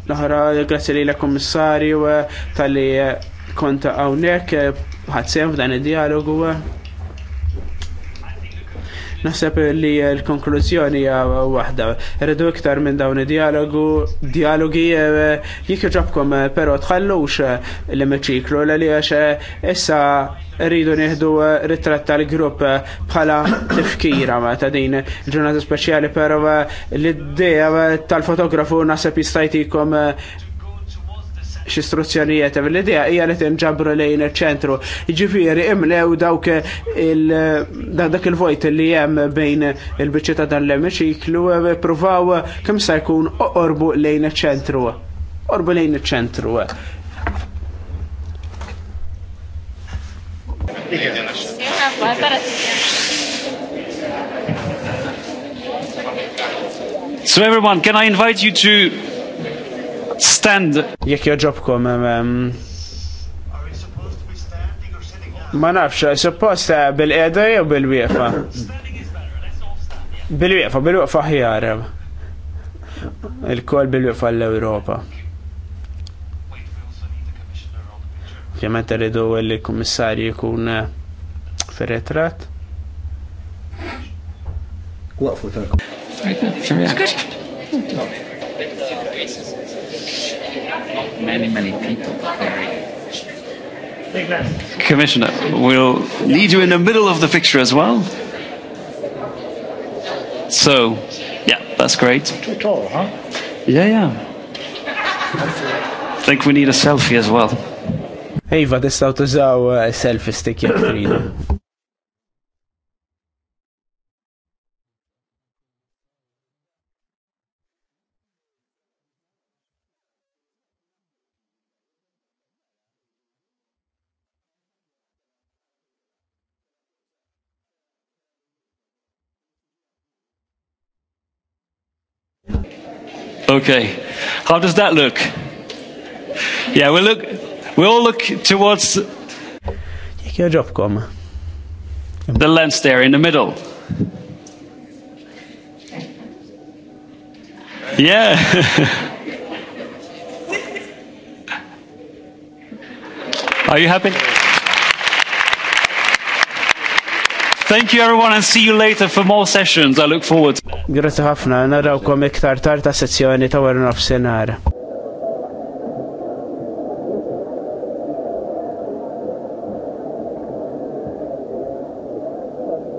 [SPEAKER 1] l ħara grazzi li l-Kommissarju tal-li konta għawnek ħadd sew f'dan id-dialogu. Naħseb li l-konklużjoni hija waħda. Rridu iktar minn dawn id-dialogu, dialogi e, jekk ġobkom e, però tħallux l meċiklu l għax e, issa rridu nieħdu ritratt tal-grupp bħala tifkira ta' din ġurnata speċjali però l-idea tal-fotografu naħseb jistajtikom x'istruzzjonijiet hemm l-idea hija li tinġabru lejn iċ-ċentru. Jiġifieri imlew dawk il dak il-vojt li hemm bejn il-biċċi dan l-emiċiklu eh, kemm se jkun orbu lejn iċ-ċentru. Orbu lejn iċ-ċentru.
[SPEAKER 3] So everyone, can I invite you to
[SPEAKER 1] Stand! Jekk joġobkom, ma nafx, eh, suppost eh, bil-qeda jew bil-wiefa? Bil-wiefa, bil-wiefa ħjar. Il-kol bil-wiefa l-Europa. Ovvjament rridu l-kummissarju jkun eh, fir-retrat.
[SPEAKER 3] Waqfu tal many, many people very Commissioner,
[SPEAKER 4] we'll need you in the middle of the picture as well.
[SPEAKER 3] So, yeah, that's great.
[SPEAKER 2] Too tall, huh?
[SPEAKER 4] Yeah, yeah.
[SPEAKER 3] I think we need a selfie as well.
[SPEAKER 1] Hey, Ejva, tistaw tużaw selfie
[SPEAKER 2] stick jek
[SPEAKER 3] Okay. How does that look? Yeah, we look we all look towards the lens there in the middle. Yeah. Are you happy? Thank you everyone and see you later for more sessions. I look
[SPEAKER 1] forward to it. Grazie ħafna, narawkom iktar tarta sezzjoni ta' warna f'senar.